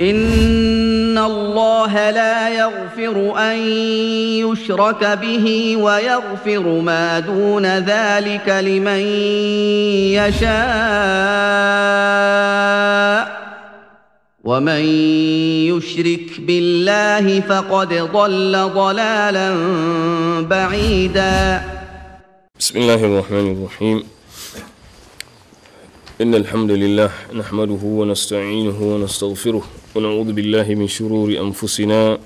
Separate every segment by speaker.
Speaker 1: ان الله لا يغفر ان يشرك به ويغفر ما دون ذلك لمن يشاء ومن يشرك بالله فقد ضل ضلالا
Speaker 2: بعيدا
Speaker 1: بسم الله الرحمن الرحيم إن الحمد لله نحمده ونستعينه ونستغفره ونعوذ بالله من شرور أنفسنا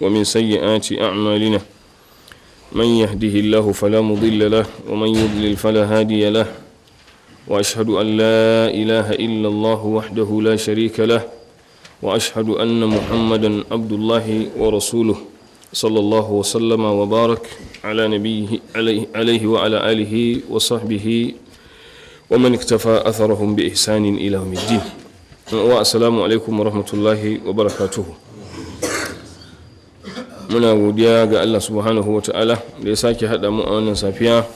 Speaker 1: ومن سيئات أعمالنا من يهده الله فلا مضل له ومن يضلل فلا هادي له وأشهد أن لا إله إلا الله وحده لا شريك له وأشهد أن محمدا عبد الله ورسوله صلى الله وسلم وبارك على نبيه عليه, عليه وعلى آله وصحبه ومن اكتفى أثرهم بإحسان إلى يوم الدين والسلام عليكم ورحمة wa barakatuhu muna godiya ga Allah subhanahu wa ta'ala da ya sake haɗa mu a safiya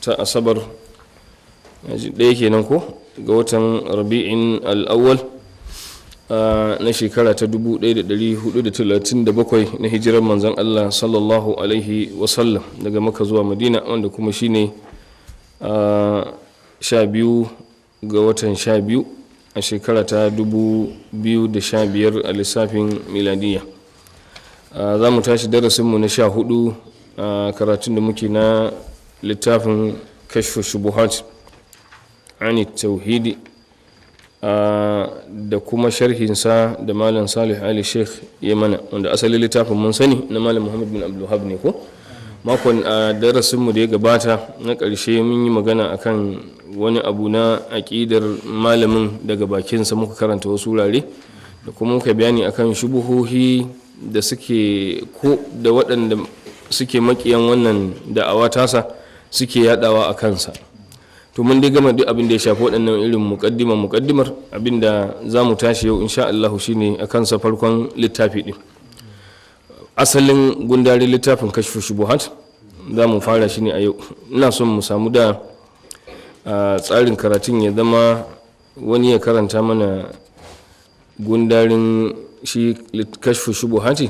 Speaker 1: ta asabar ɗaya kenan ko ga watan rabi'in al'awwal na shekara ta da 1437 na hijirar manzan Allah sallallahu alaihi wasallam daga maka zuwa madina wanda kuma shine ne 12 ga watan 12 a shekara ta 2015 a lissafin miladiya za mu tashi darasinmu na 14 a karatun da muke na littafin kashfa shubuhat ani tauhidi da kuma sharhinsa da malam salih ali sheikh yamana wanda asalin littafin mun sani na malam muhammad bin abdullahi ne ko makon a darasinmu da ya gabata na ƙarshe mun yi magana akan wani abu na aƙidar malamin daga bakinsa muka karanta wasu wurare da kuma muka bayani akan shubuhohi da suke ko da waɗanda suke makiyan wannan da'awa tasa suke yadawa a kansa to mun dai gama duk abin da ya shafi waɗannan irin muƙaddimar muƙaddimar abin da za mu tashi yau insha Allah shine a kansa farkon littafi ɗin asalin gundari littafin kashfu shubuhat za mu fara shi ne a yau ina son mu samu da tsarin karatun ya zama wani ya karanta mana gundarin shi kashfu shubuhati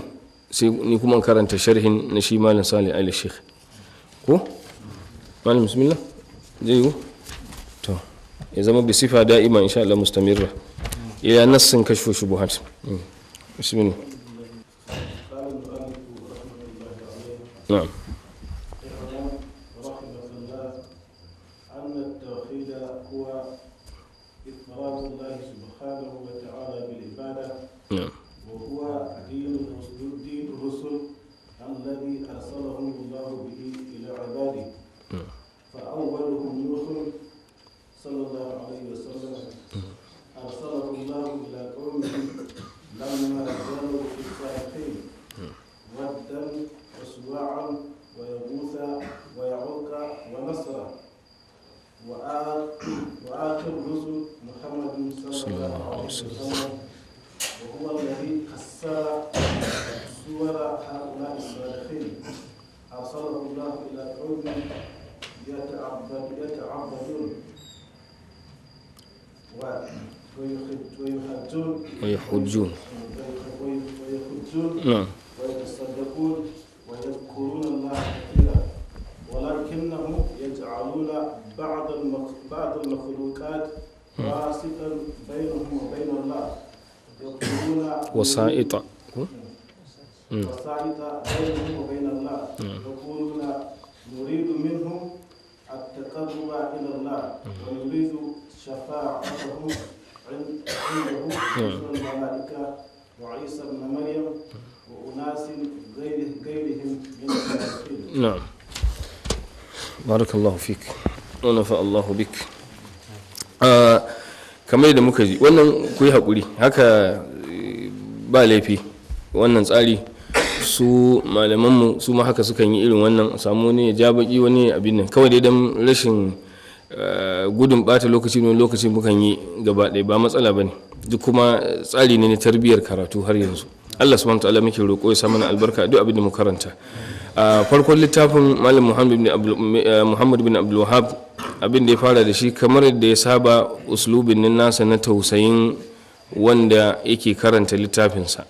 Speaker 1: sai ni kuma karanta sharhin na shi malam salih ali sheikh ko malam bismillah zai yi to ya zama bisifa da'ima insha Allah mustamirra ya nassin kashfu shubuhat hmm. bismillah نعم رحمه
Speaker 2: الله هو الله سبحانه وتعالى نعم. الذي الله نعم. الله الله ويواع ويغوث ويعوق ونصر وآخر رسل محمد صلى الله عليه وسلم وهو الذي قصر سور هؤلاء الصالحين أرسله الله إلى قوم يتعبدون ويحجون ويحجون
Speaker 1: ويحجون نعم
Speaker 2: wasa'ita والثابت بينهم وبين الله يقولون نريد منهم التقرب الى الله ونريد شفاعتهم عنده مثل الملائكه وعيسى ابن مريم واناس غير غيرهم من الصالحين. نعم.
Speaker 1: بارك الله فيك ونفع الله بك. kamar da muka ji wannan ku yi haƙuri haka ba laifi wannan tsari su malamanmu su ma haka sukan yi irin wannan samu wani ya ja baki wani abin nan kawai dai dan rashin eh, gudun bata lokaci ne lokaci mukan yi gaba ɗaya ba matsala ba ne duk kuma tsari ne na tarbiyyar karatu har yanzu allah subhanahu ta'ala muke roƙo ya sa mana albarka duk abin da mu karanta a farkon littafin malam muhammad bin abdulwahab eh, abin da ya fara da shi kamar da ya saba uslubin nan nasa na tausayin wanda yake karanta littafinsa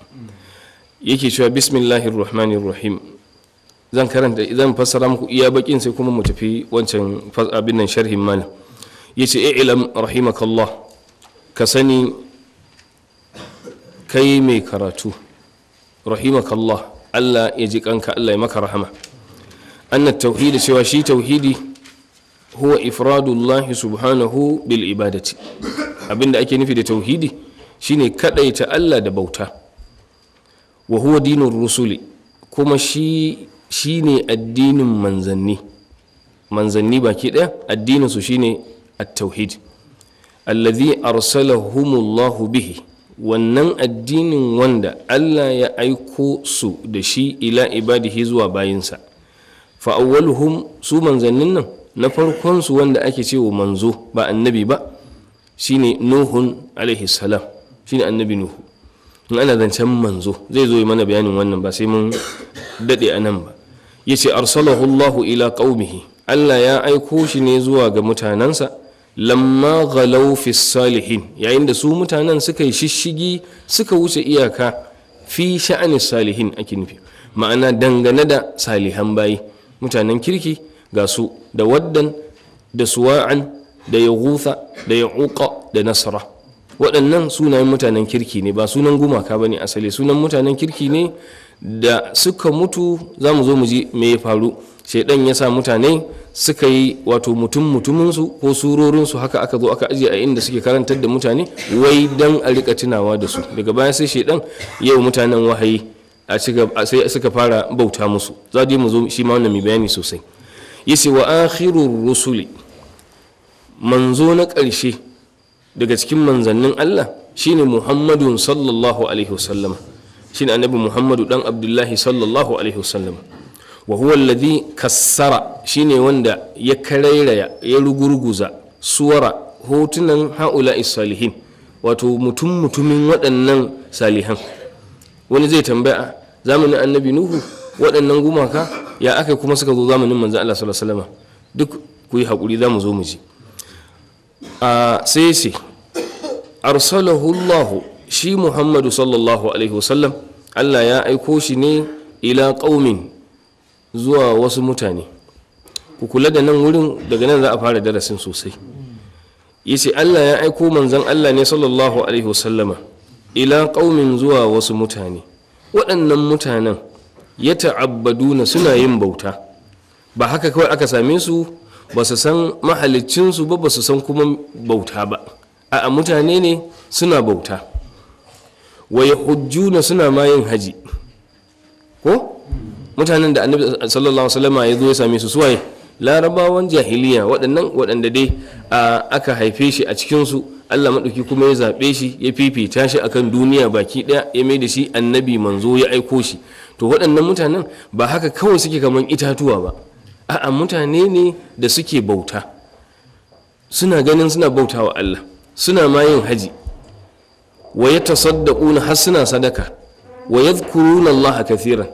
Speaker 1: yake cewa bismillahir rahmanir rahim zan karanta idan fassara muku iya bakin sai kuma mu tafi wancan abin nan sharhin malam yace i'lam rahimakallah ka sani kai mai karatu rahimakallah Allah ya ji kanka Allah ya maka rahama annat tauhidi cewa shi tauhidi huwa ifradullahi subhanahu bil ibadati abinda ake nufi da tauhidi shine kadaita Allah da bauta wa huwa dinur rusuli kuma shi shine addinin manzanni manzanni baki daya addinin su shine at-tauhid allazi arsalahumullahu bihi wannan addinin wanda Allah ya aiko su da shi ila ibadihi zuwa bayinsa fa'awwaluhum su manzannin nan na farkonsu wanda ake ce wa manzo ba annabi ba shine nuhun alaihi salam shine annabi nuhu in ana zancen manzo zai zo yi mana bayanin wannan ba sai mun daɗe a nan ba ya ce arsalahu allahu ila qaumihi allah ya aiko shi ne zuwa ga mutanensa lamma ghalau fi salihin yayin da su mutanen suka yi shishigi suka wuce iyaka fi sha'ani salihin ake nufi ma'ana dangane da salihan bayi mutanen kirki ga su da waddan da suwa'an da ya da ya da nasara waɗannan sunayen mutanen kirki ne ba sunan gumaka ba ne asali sunan mutanen kirki ne da suka mutu za mu zo mu ji me ya faru shaidan ya sa mutane suka yi wato mutum mutuminsu ko surorinsu haka aka zo aka ajiye a inda suke karantar da mutane wai dan a rika tunawa da su daga baya sai shaidan yau mutanen wahayi a sai suka fara bauta musu za mu zo shi ma wannan mai bayani sosai yace wa akhirur rusuli manzo na ƙarshe daga cikin manzannin Allah shine Muhammadu sallallahu alaihi Shi shine annabi Muhammadu dan Abdullahi sallallahu alaihi wasallama wa huwa alladhi kassara shine wanda ya karairaya ya rugurguza suwara hotunan haula salihin wato mutum mutumin waɗannan salihan wani zai tambaya zamanin annabi nuhu waɗannan gumaka ya aka kuma suka zo zamanin manzo Allah sallallahu alaihi wasallam duk ku yi hakuri za mu zo mu ji a ah, sai sai arsalahu Allah shi Muhammadu sallallahu alaihi wasallam Allah ya aiko shi ne ila qaumin zuwa wasu mutane ku kula da nan wurin daga nan za a fara darasin sosai yace Allah ya aiko manzon Allah ne sallallahu alaihi wasallama ila ƙaumin zuwa wasu mutane waɗannan mutanen ya ta'abbaduna suna yin bauta ba haka kawai aka same su ba su san mahalicinsu ba ba su san kuma bauta ba a mutane ne suna bauta wa na suna ma yin haji ko mutanen da annabi sallallahu alaihi ya zo ya same su suwaye larabawan jahiliya waɗannan waɗanda dai aka haife shi a cikin su Allah maɗauki kuma ya zaɓe shi ya fifita shi akan duniya baki ɗaya ya mai da shi annabi manzo ya aiko shi to waɗannan mutanen ba haka kawai suke kaman itatuwa ba a'a mutane ne da suke bauta suna ganin suna bautawa Allah suna ma yin haji wa ya tasaddaquna har suna sadaka wa yadhkuruna Allah kathiran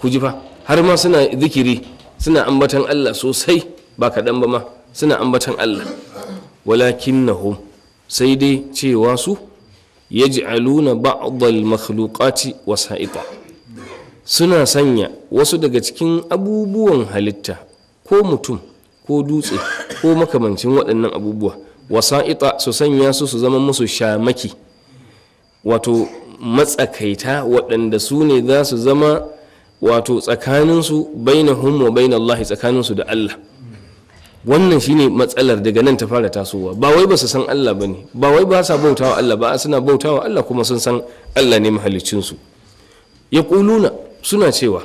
Speaker 1: ku ji fa har ma suna zikiri suna ambatan Allah sosai ba kaɗan ba ma suna ambatan Allah walakinnahum sai dai cewa su ya yaj'aluna ba'dal makhluqati wasa'ita suna sanya wasu daga cikin abubuwan halitta ko mutum ko dutse ko makamancin waɗannan abubuwa wasa'ita su sanya su su zama musu shamaki wato matsakaita waɗanda su ne za su zama wato tsakaninsu humo baina bainallahi tsakaninsu da Allah wannan shine matsalar daga nan ta fara tasowa ba wai ba su san Allah ba ne ba wai ba sa bautawa Allah ba suna bautawa Allah kuma sun san Allah ne mahaliccinsu ya kuluna suna cewa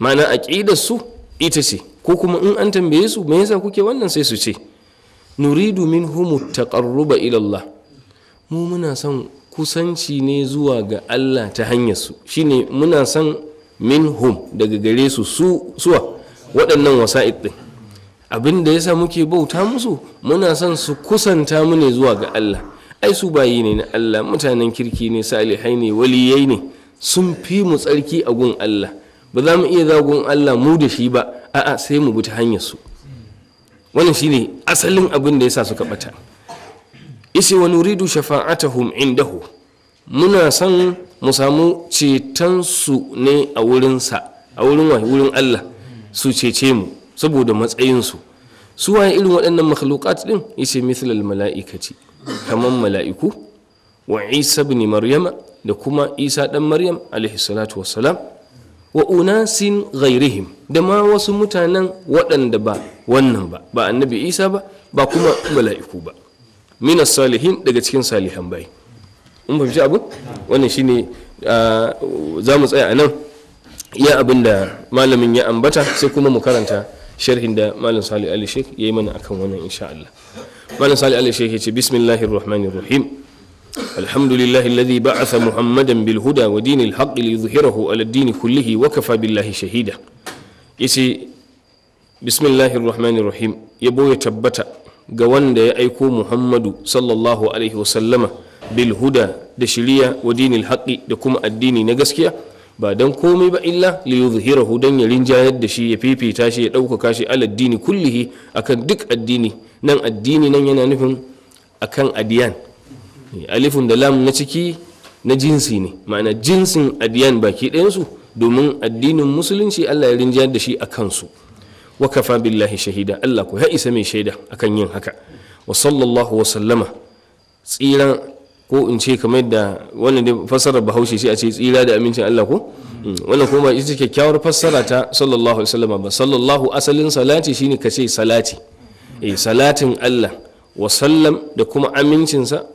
Speaker 1: ma'ana aƙidar su ita ce ko kuma in an tambaye su me yasa kuke wannan sai su ce nuridu minhum taqarruba ila Allah mu muna son kusanci ne zuwa ga Allah ta hanyar su shine muna son minhum daga gare su suwa waɗannan wasa'id din abin da yasa muke bauta musu muna son su kusanta mu ne zuwa ga Allah ai su bayi ne na Allah mutanen kirki ne salihai ne waliyai ne sun fi mu tsarki a gun Allah ba za mu iya zagun Allah mu da shi ba a'a sai mu bi ta hanyar su wannan shine asalin abin da yasa suka bata isi wa nuridu shafa'atahum indahu muna san mu samu su ne a wurin sa, a wurin wurin Allah su cece mu saboda matsayinsu su waye irin waɗannan makhluqat din yace mithlal mala'ikati kaman mala'iku wa Isa ibn Maryama da kuma Isa dan Maryam alaihi salatu wassalam wa unasin ghairihim da ma wasu mutanen waɗanda ba wannan ba ba annabi isa ba ba kuma mala'iku ba minas salihin daga cikin salihan bai in fahimci abu wannan shine za mu tsaya a nan iya abin da malamin ya ambata sai kuma mu karanta sharhin da malam salih ali sheikh ya yi mana akan wannan insha Allah malam salih ali sheikh ya ce bismillahir rahmanir الحمد لله الذي بعث محمدا بالهدى ودين الحق ليظهره على الدين كله وكفى بالله شهيدا يسي بسم الله الرحمن الرحيم يبو يتبتا قوان دا يأيكو محمد صلى الله عليه وسلم بالهدى دا شريا ودين الحق دا كما الدين نقسكيا بعدن كومي با إلا ليظهره دن يلنجا يد شي يبيبي تاشي يدوكو كاشي على الدين كله أكن دك الدين نان الدين نان ينا نفهم أكن أديان Eh, alifun da lam na ciki na jinsi ne ma'ana jinsin adiyan baki ɗayansu domin addinin musulunci allah ya rinjiyar da shi a kansu wa kafa billahi shahida allah ku ya isa mai shaida akan yin haka wa sallallahu wa sallama tsira ko in ce kamar da wannan da fassara bahaushe shi a ce tsira da amincin allah ko mm, wannan kuma ita ce kyakkyawar fassara ta sallallahu alaihi wasallama ba sallallahu asalin salati shine kace salati eh salatin allah wa sallam da kuma amincinsa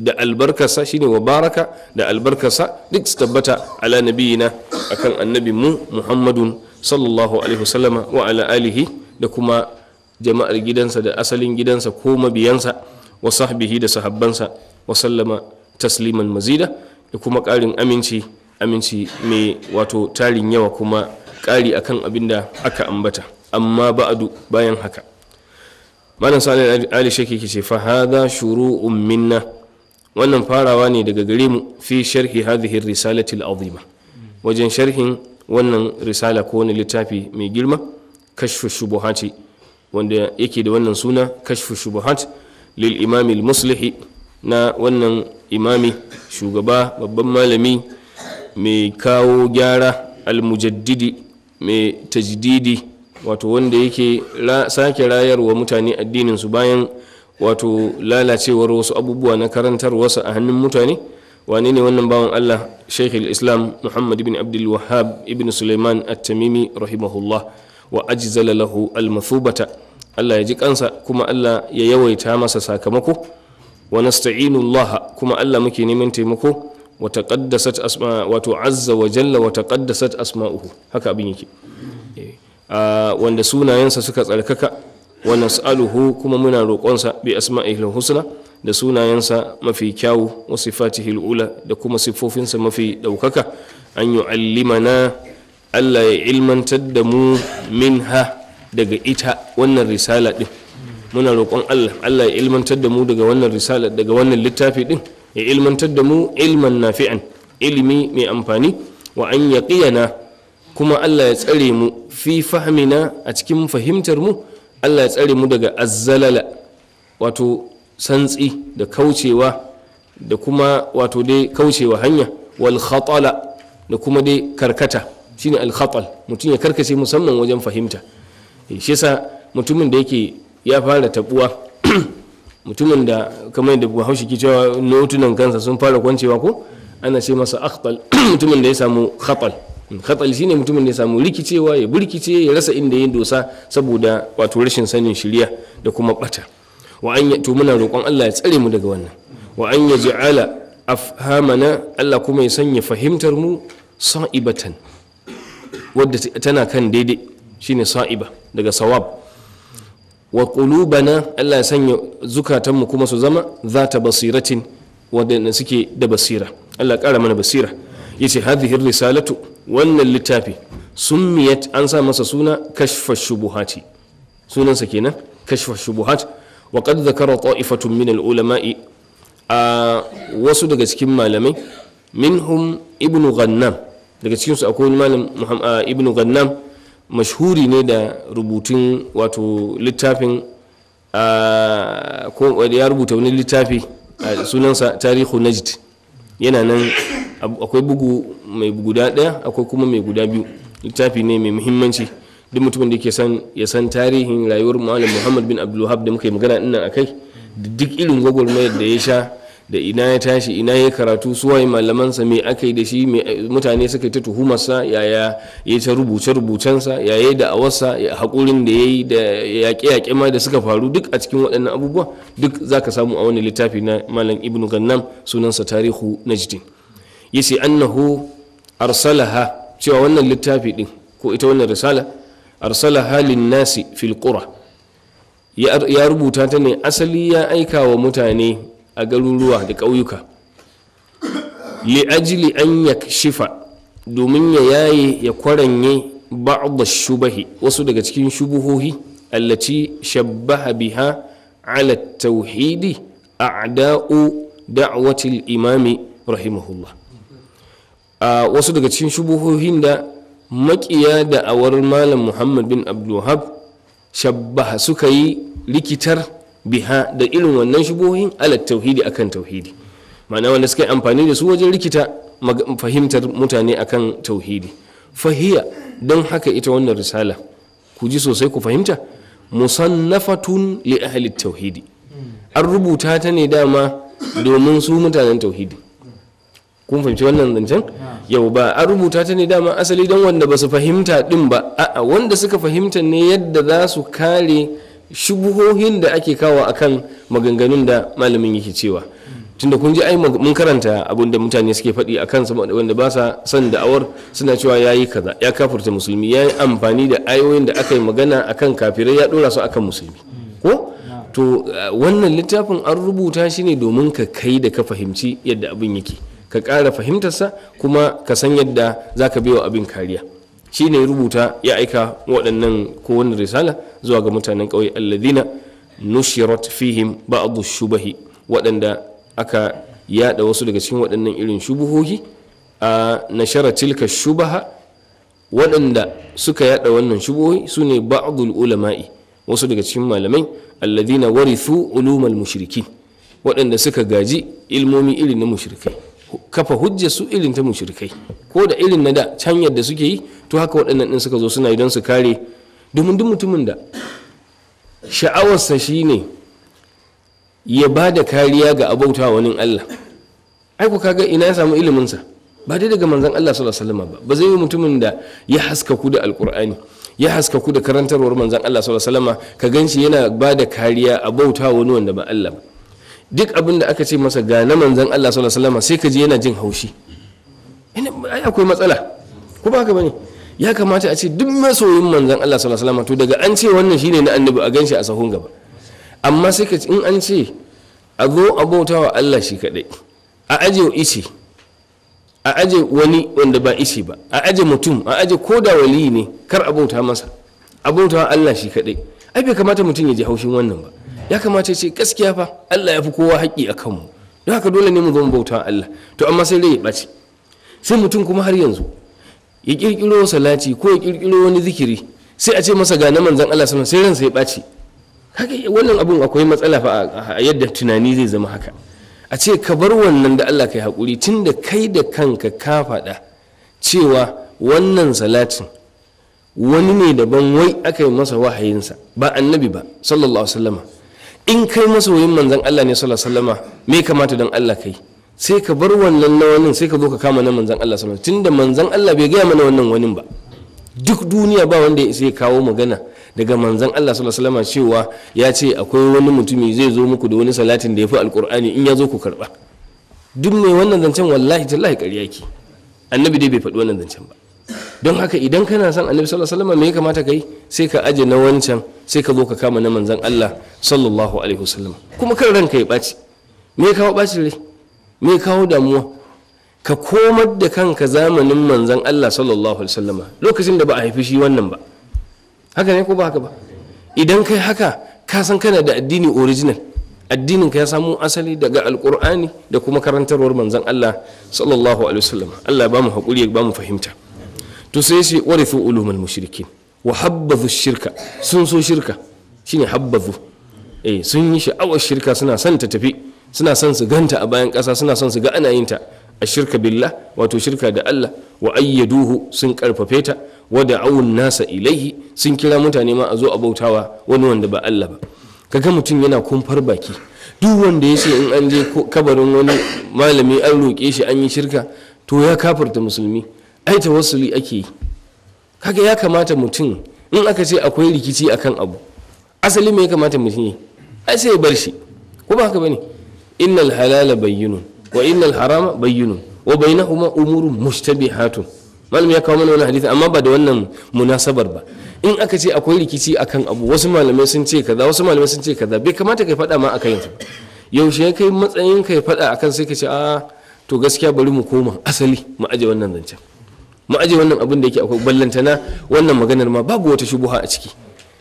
Speaker 1: da albarkarsa shine wa baraka da albarkarsa duk su tabbata ala nabiyina akan annabi mu muhammadun sallallahu alaihi wasallama wa ala alihi da kuma jama'ar gidansa da asalin gidansa ko mabiyansa wa sahbihi da sahabbansa wa sallama tasliman mazida da kuma ƙarin aminci aminci mai wato tarin yawa kuma ƙari akan abin da aka ambata amma ba'adu bayan haka malam salih ali shaki ke ce fa hadha shuru'un minna wannan farawa ne daga gare mu fi sharhi hadhihi risalati al-azima wajen sharhin wannan risala ko wani littafi mai girma kashfu shubuhati wanda yake da wannan suna kashfu shubuhat lil imam al-muslihi na wannan imami shugaba babban malami mai kawo gyara al-mujaddidi mai tajdidi wato wanda yake sake rayarwa mutane addinin su bayan wato lalacewar wasu abubuwa na karantar wasu a hannun mutane wane ne wannan bawan Allah Sheikh islam Muhammad ibn Abdul wahab ibn Sulaiman At-Tamimi rahimahullah wa ajzala lahu al-mathubata Allah ya ji kansa kuma Allah ya yawaita masa sakamako wa nasta'inu Allah kuma Allah muke neman taimako wa taqaddasat asma wato azza wa jalla wa taqaddasat asma'uhu haka abin yake eh, wanda sunayensa suka tsarkaka wa nas'aluhu kuma muna roƙonsa bi asma'ihil husna da sunayensa mafi kyawu wasu sifatihil ula da kuma siffofinsa mafi ɗaukaka an yi alimana Allah ya ilmantar da mu min ha daga ita wannan risala ɗin? muna roƙon Allah Allah ya ilmantar da mu daga wannan risala daga wannan littafi ɗin? ya ilmantar da mu ilman nafi'an ilimi mai amfani wa an yaqiyana kuma Allah ya tsare mu fi fahimina a cikin fahimtar mu allah ya tsare mu daga azzalala wato santsi da kaucewa da kuma wato dai kaucewa hanya wal khatala da kuma dai karkata shine al khatal mutum ya karkace musamman wajen fahimta eh, shi yasa mutumin da yake ya fara tabuwa mutumin da kamar da bahaushe ke cewa notunan kansa sun fara kwancewa ko ana ce masa akhtal mutumin da ya samu khatal Katsali shine mutumin da ya samu rikicewa ya burkice ya rasa inda ya dosa saboda wato rashin sanin shirya da kuma bata wa an to muna roƙon Allah ya tsare mu daga wannan wa an a afhamana Allah kuma ya sanya fahimtar mu sa'ibatan wadda tana kan daidai shine sa'iba daga sawab wa qulubana Allah ya sanya zukatan mu kuma su zama zata basiratin wadda suke da basira Allah ya ƙara mana basira yace hadhihi risalatu wannan littafi summiyat an sa masa suna kashfa shubuhati sunansa kenan kashfa shubuhat wa qad dhakara ta'ifatun min al-ulama'i a wasu daga cikin malamai minhum ibnu ghannam daga cikin su akwai malam ibnu ghannam mashhuri ne da rubutun wato littafin ko ya rubuta wani littafi sunansa tarihu najd yana nan akwai bugu mai guda ɗaya akwai kuma mai guda biyu littafi ne mai muhimmanci duk mutumin da ke san ya san tarihin rayuwar malam muhammad bin wahab da muka yi magana ina akai da duk irin gwagwarmayar da ya sha da ina ya tashi ina ya karatu suwaye malamansa me aka yi da shi mutane suka yi ta tuhumarsa yaya ya ta rubuce rubucensa yaya da awarsa haƙurin da ya da yaƙe-yaƙe ma da suka faru duk a cikin waɗannan abubuwa duk za ka samu a wani littafi na malam ibnu gannam sunansa tarihu najdin yace annahu arsalaha cewa wannan littafi din ko ita wannan risala arsalaha linnasi fil qura ya rubuta ta ne asali ya aika wa mutane a garuruwa da ƙauyuka li'ajili an yakshifa domin ya yaye ya kwaranye ba'd shubahi wasu daga cikin shubuhohi allaci shabbaha biha ala tauhidi a'da'u da'watil imami rahimahullah a wasu daga cikin shubuhohin da makiya da awar malam muhammad bin abdulwahab shabbaha suka yi likitar biha da irin wannan shubuhohin ala tauhidi akan tauhidi ma'ana wanda suka yi amfani da su wajen rikita fahimtar mutane akan tauhidi fahiya don haka ita wannan risala ku ji sosai ku fahimta musannafatun li ahli tauhidi an rubuta ta ne dama domin su mutanen tauhidi kun fahimci wannan zancen yau ba an rubuta ta ne dama asali don wanda ba su fahimta din ba a'a wanda suka fahimta ne yadda za su kare shubuhohin da ake kawo akan maganganun da malamin yake cewa tunda kun ji ai mun karanta abin da mutane suke faɗi a kansa wanda ba sa son da'awar suna cewa ya yi kaza ya kafurta musulmi ya yi amfani da ayoyin da aka yi magana a kan kafirai ya ɗora su a kan musulmi ko to wannan littafin an rubuta shi ne domin ka kai da ka fahimci yadda abin yake ka ƙara fahimtarsa kuma ka san yadda za ka wa abin kariya shi ne rubuta ya aika waɗannan kowane risala zuwa ga mutanen ƙauye alladina nushirat fihim ba'adu shubahi waɗanda aka yada wasu daga cikin waɗannan irin shubuhohi a nashara tilka shubaha waɗanda suka yada wannan shubuhohi su ne ba'adul ulama'i wasu daga cikin malamai alladina warithu ulumal mushrikin waɗanda suka gaji ilmomi irin na mushrikai kafa hujja su irin ta mushrikai ko da irin na da can yadda suke yi to haka waɗannan ɗin suka zo suna yi don su kare domin duk mutumin da sha'awarsa ne ya ba da kariya ga abauta wani Allah ai ku kaga ina ya samu iliminsa ba dai daga manzan Allah sallallahu alaihi wasallam ba ba zai yi mutumin da ya haska ku da alkur'ani ya haska ku da karantarwar manzan Allah sallallahu alaihi wasallam ka ganshi yana ba da kariya abauta wani wanda ba Allah ba duk abin da aka ce masa ga na manzan Allah sallallahu alaihi wasallam sai ka ji yana jin haushi ai akwai matsala ko ba ka bane ya kamata a ce duk masoyin manzan Allah sallallahu alaihi wasallam to daga an ce wannan shine na annabi a ganshi a sahun gaba amma sai ka in an ce a zo a bautawa Allah shi kadai a aje ishi, a aje wani wanda ba ishi ba a aje mutum a aje ko da wali ne kar a bauta masa a bautawa Allah shi kadai ai bai kamata mutum ya ji haushin wannan ba ya kamata ce gaskiya fa Allah ya fi kowa haƙƙi a kanmu don haka dole ne mu zama bauta Allah to amma sai dai ya ɓace sai mutum kuma har yanzu ya ƙirƙiro salati ko ya ƙirƙiro wani zikiri sai a ce masa ga na manzan Allah sallallahu sai ransa ya ɓace haka wannan abun akwai matsala fa a yadda tunani zai zama haka a ce ka bar wannan da Allah kai haƙuri da kai da kanka ka faɗa cewa wannan salatin wani ne daban wai aka yi masa wahayinsa ba annabi ba sallallahu alaihi wasallama in kai wuyin manzan Allah ne sallallahu alaihi wasallama me kamata dan Allah kai sai ka bar wannan na wannan sai ka zo ka kama na manzan Allah sallallahu alaihi tunda manzan Allah bai gaya mana wannan wanin ba duk duniya ba wanda ya sai kawo magana daga manzan Allah sallallahu alaihi wasallama cewa ya ce akwai wani mutumi zai zo muku da wani salatin da ya fi alkur'ani in ya zo ku karba duk mai wannan zancen wallahi tallahi ƙarya ke annabi dai bai faɗi wannan zancen ba don haka idan kana son annabi sallallahu alaihi wasallam me ya kamata kai sai ka aje na wancan sai ka zo ka kama na manzon Allah sallallahu alaihi wasallam kuma kan ranka ya baci me ya kawo baci ne me ya kawo damuwa ka komar da kanka zamanin manzon Allah sallallahu alaihi wasallam lokacin da ba a haifi shi wannan ba haka ne ko ba haka ba idan kai haka ka san kana da addini original addinin ka ya samu asali daga alkur'ani da kuma karantarwar manzon Allah sallallahu alaihi wasallam Allah ya ba mu hakuri ya ba mu fahimta to sai shi warithu ulumul mushrikin wa habbazu shirka sun so shirka shine habbazu eh sun yi sha'awar shirka suna son ta tafi suna son su ganta a bayan ƙasa suna son su ga ana yin ta a shirka billah wato shirka da Allah wa ayyaduhu sun karfafe ta wa da'awun nasa ilaihi sun kira mutane ma a zo a bautawa wani wanda ba Allah ba kaga mutum yana kumfar baki duk wanda ya ce in an je kabarin wani malami an roƙe shi an yi shirka to ya kafarta musulmi ai tawassuli ake yi kaga ya kamata mutum in aka ce akwai rikici akan abu asali me ya kamata mutum yi ai sai ya bar shi ko ba haka bane innal halala bayyinun wa innal harama bayyinun wa bainahuma umurun mushtabihatun malam ya kawo mana wani hadisi amma ba da wannan munasabar ba in aka ce akwai rikici akan abu wasu malamai sun ce kaza wasu malamai sun ce kaza bai kamata kai fada ma a kan yaushe ya kai matsayin kai fada akan sai ka ce a ah, to gaskiya bari mu koma asali mu aje wannan zancen mu aje wannan abin da yake akwai ballantana wannan maganar ma babu wata shubuha a ciki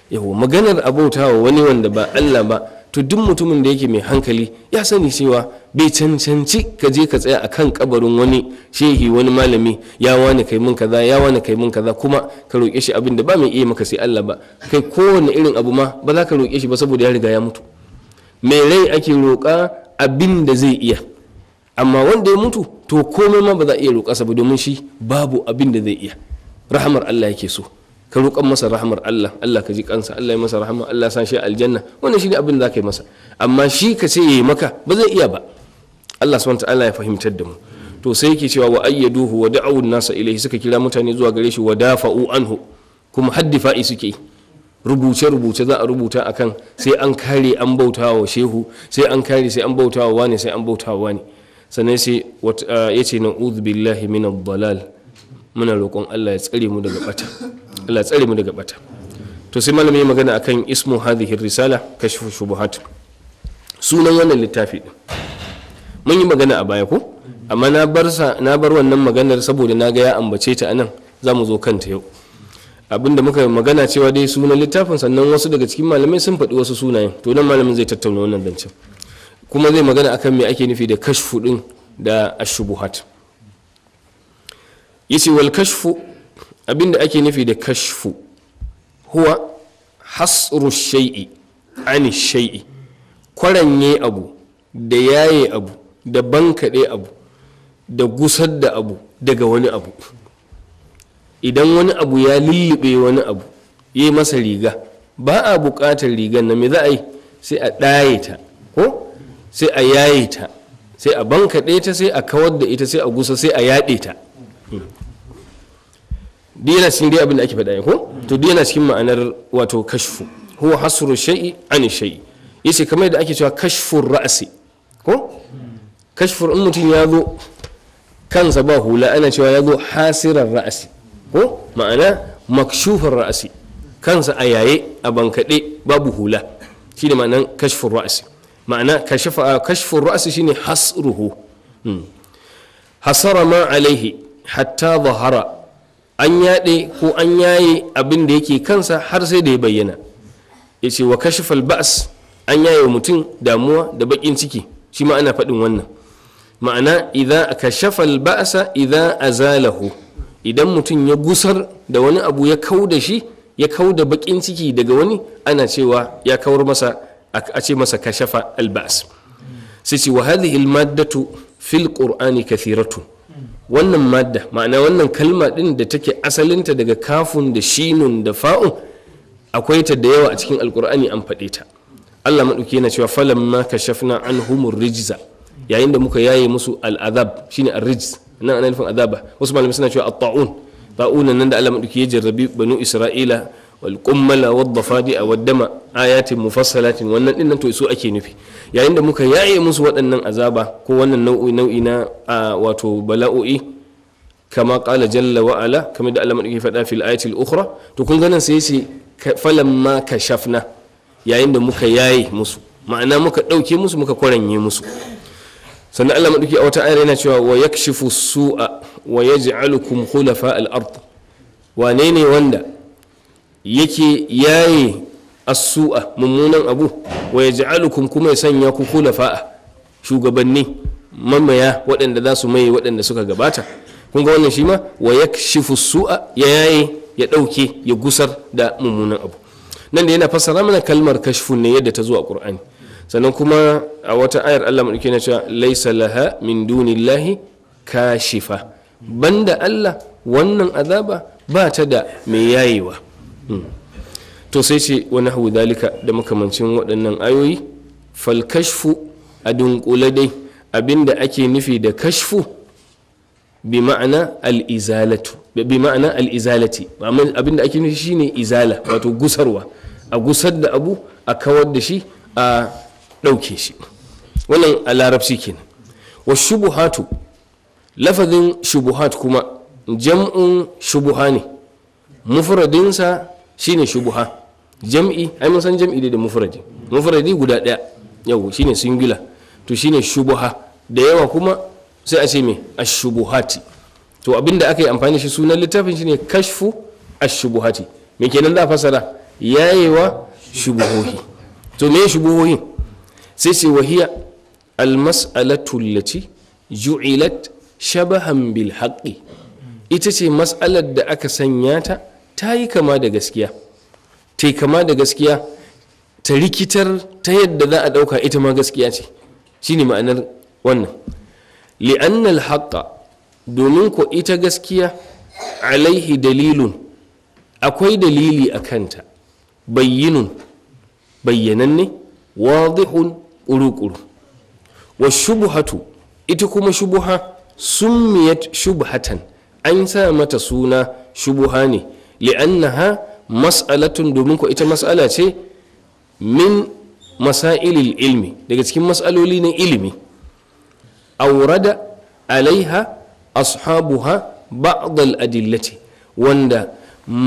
Speaker 1: yawo maganar abautawa wani wanda ba Allah ba to duk mutumin da yake mai hankali ya sani cewa bai cancanci ka je ka tsaya akan kabarin wani shehi wani malami ya wani kai mun kaza ya wani kai mun kaza kuma ka roƙe shi abin da ba mai iya maka sai Allah ba kai kowane irin abu ma ba za ka roƙe shi ba saboda ya riga ya mutu mai rai ake roƙa abin da zai iya amma wanda ya mutu to komai ma ba za a iya roƙasa ba domin shi babu abin da zai iya rahamar Allah yake so ka roƙan masa rahamar Allah Allah ka ji kansa Allah ya masa rahama Allah san shi aljanna wannan shine abin da zaka yi masa amma shi ka ce ya yi maka ba zai iya ba Allah subhanahu ta'ala ya fahimtar da mu to sai yake cewa wa ayyaduhu wa da'u nasa ilayhi suka kira mutane zuwa gare shi wa dafa'u anhu kuma haddifa'i suke rubuce-rubuce za a rubuta akan sai an kare an bautawa shehu sai an kare sai an bautawa wani sai an bautawa wani. sannan sai ah, ya ce na billahi mina balal muna roƙon Allah ya tsare mu daga bata Allah ya tsare mu daga bata to sai malami ya magana akan ismu hadhihi risala kashfu shubuhat sunan wannan littafi din mun yi magana a baya ko amma na bar na bar wannan maganar saboda na ga ya ambace ta anan za mu zo kanta yau abinda muka magana cewa dai sunan littafin sannan wasu daga cikin malamai sun faɗi wasu sunayen to nan malamin zai tattauna wannan zancen kuma zai magana akan me ake nufi da kashfu din da ashubuhat yace wal kashfu abinda ake nufi da kashfu huwa hasru shay'i ani shay'i kwaranye abu da yaye abu da bankade abu da gusar da abu daga wani abu idan wani abu ya lullube wani abu ya yi masa riga ba a buƙatar rigan na me za a yi sai a ɗaye ta ko sai a yaye ta sai a bankaɗe ta sai a kawar da ita sai a gusa sai a yaɗe ta duk yana cikin dai abin ake faɗa ko to duk yana cikin ma'anar wato kashfu huwa hasru shay'i an shay'i yace kamar da ake cewa kashfur ra'si ko kashfur in mutum ya zo kansa ba hula ana cewa ya zo hasirar ra'asi ko ma'ana makshufar ra'asi kansa a yaye a bankaɗe babu hula shi ne ma'anan kashfin ra'asi ma'ana kashfin ra'asi shine hasruhu hmm. hasara ma alaihi hatta zahara an yaɗe ko an yaye abin da yake kansa har sai da ya bayyana ya ce wa kashfal ba'as an yaye mutum damuwa da baƙin ciki shi ma ana faɗin wannan ma'ana idza kashafal ba'asa idza azalahu idan mutum ya gusar da wani abu ya kau da shi ya kau da baƙin ciki daga wani ana cewa ya kawar masa a ce masa kashafa albas sai ce wa hadhihi almaddatu fil qur'ani kathiratu wannan madda ma'ana wannan kalma din da take asalinta daga kafun da shinun da fa'un akwai ta da yawa a cikin alqur'ani an faɗe ta Allah maɗauki yana cewa falam ma kashafna anhumur rijza yayin da muka yaye musu al'azab shine ar-rijz nan ana nufin azaba wasu malamai suna cewa at-ta'un ba'un nan da Allah maɗauki ya jarrabi banu Isra'ila wal kummala wad dafadi'a wad dama ayatin mufassalatin wannan din to su ake nufi yayin da muka yaye musu waɗannan azaba ko wannan nau'i nau'i na wato bala'o'i kama qala jalla wa ala kamar da Allah madauki faɗa fil ayatil ukhra to kun ganin sai ce falamma kashafna yayin da muka yaye musu ma'ana muka ɗauke musu muka kwaranye musu sannan Allah maɗauki a wata aya yana cewa wa yakshifu su'a wa yaj'alukum khulafa al-ard wane ne wanda yake yaye asu'a mummunan abu wa ja'alukum kuma ya sanya ku khulafa'a shugabanni mamaya waɗanda za su maye waɗanda suka gabata kun ga wannan shi ma wa shifu su'a ya yaye ya ɗauke ya gusar da mummunan abu nan da yana fassara mana kalmar kashfun ne yadda ta zo a qur'ani sannan kuma a wata ayar Allah mu na cewa laisa laha min dunillahi kashifa banda Allah wannan azaba ba ta da mai yayewa to sai ce wani hau dalika da makamancin waɗannan ayoyi falkashfu a dunkule dai abinda ake nufi da kashfu bi ma'ana al'izalatu bi ma'ana al'izalati abinda ake nufi shine izala wato gusarwa a gusar da abu a kawar da shi a ɗauke shi wannan a larabci kenan wa shubuhatu lafazin shubuhat kuma jam'un shubuha ne mufradinsa shine shubuha jam'i ai mun san jam'i da mufradi mufradi guda daya yau shine singular to shine shubuha da yawa kuma sai a ce me ashubuhati to abinda aka yi amfani shi sunan littafin shine kashfu ashubuhati me kenan za a fasara yayewa shubuhohi to me shubuhohi sai ce wahiya almas'alatu allati ju'ilat shabahan bil haqqi ita ce mas'alar da aka sanya ta ta yi kama da gaskiya ta yi kama da gaskiya ta rikitar ta yadda za a ɗauka ita ma gaskiya ce shine ma'anar wannan li'annal haƙa domin ko ita gaskiya alaihi dalilun akwai dalili a kanta bayyinun ne, wadihun ƙuruƙuru wa shubuhatu ita kuma shubuha summiyat shubhatan an sa mata suna shubuha ne li'annaha mas'alatun domin ko ita mas'ala ce min masailil ilmi daga cikin mas'aloli na ilimi aurada alaiha ashabuha ba'dal adillati wanda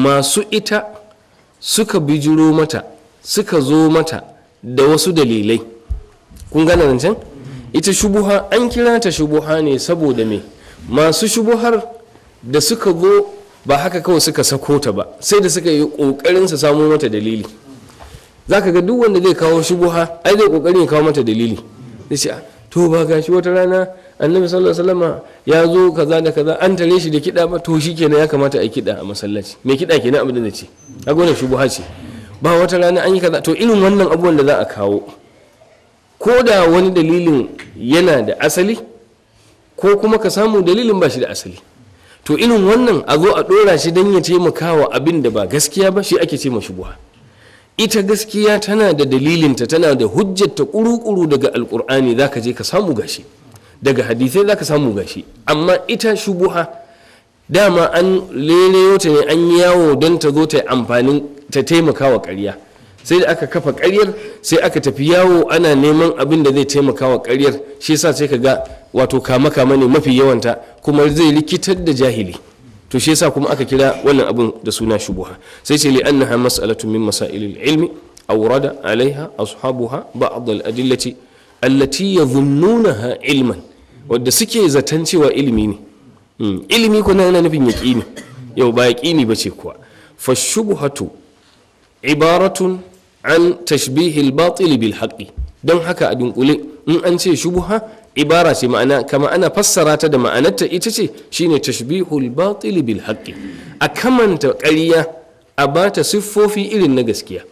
Speaker 1: masu ita suka bijiro mata suka zo mata da wasu dalilai kun gane nan can ita shubuha an kira ta shubuha ne saboda me masu shubuhar da suka zo ba haka kawai suka sako ta ba sai da suka yi kokarin su samu mata dalili zaka ga duk wanda zai kawo shubuha ai zai kokari ya kawo mata dalili sai ah, to ba gashi wata rana annabi sallallahu alaihi wasallam ya zo kaza da kaza an tare shi da kida ba to shikenan ya kamata a kida a masallaci me kida kenan abin da ce kaga wannan shubuha ce ba wata rana an yi kaza to irin wannan abubuwan da za a kawo ko da wani dalilin yana da asali ko kuma ka samu dalilin ba shi da asali to irin wannan a zo a ɗora shi don ya taimaka wa abin da ba gaskiya ba shi ake ce ma shubuha ita gaskiya tana da dalilinta tana da hujjata kuru-kuru daga alkur'ani za ka je ka samu gashi daga hadisai za ka samu gashi amma ita shubuha dama an lelayo ta ne an yi yawo don ta zo ta yi amfanin ta taimaka wa ƙarya sai da aka kafa karyar sai aka tafi yawo ana neman abin da zai taimaka wa karyar shi yasa sai ka ga wato kama kama ne mafi yawanta kuma zai likitar da jahili to shi yasa kuma aka kira wannan abin da suna shubuha sai ce li'annaha mas'alatu min masailil ilmi awrada alaiha ashabuha ba'd al-adillati allati yadhunnunaha ilman wadda suke zaton cewa ilimi ne hmm, ilimi kuna yana nufin yaqini yau ba yaqini bace kuwa fashubhatu ibaratun an tashbihil batil bil haqqi don haka a dunkule in an ce shubuha ibara ce ma'ana kama ana fassara ta da ma'anarta ita ce shine tashbihul batil bil haqqi a kamanta ƙarya a bata siffofi irin na gaskiya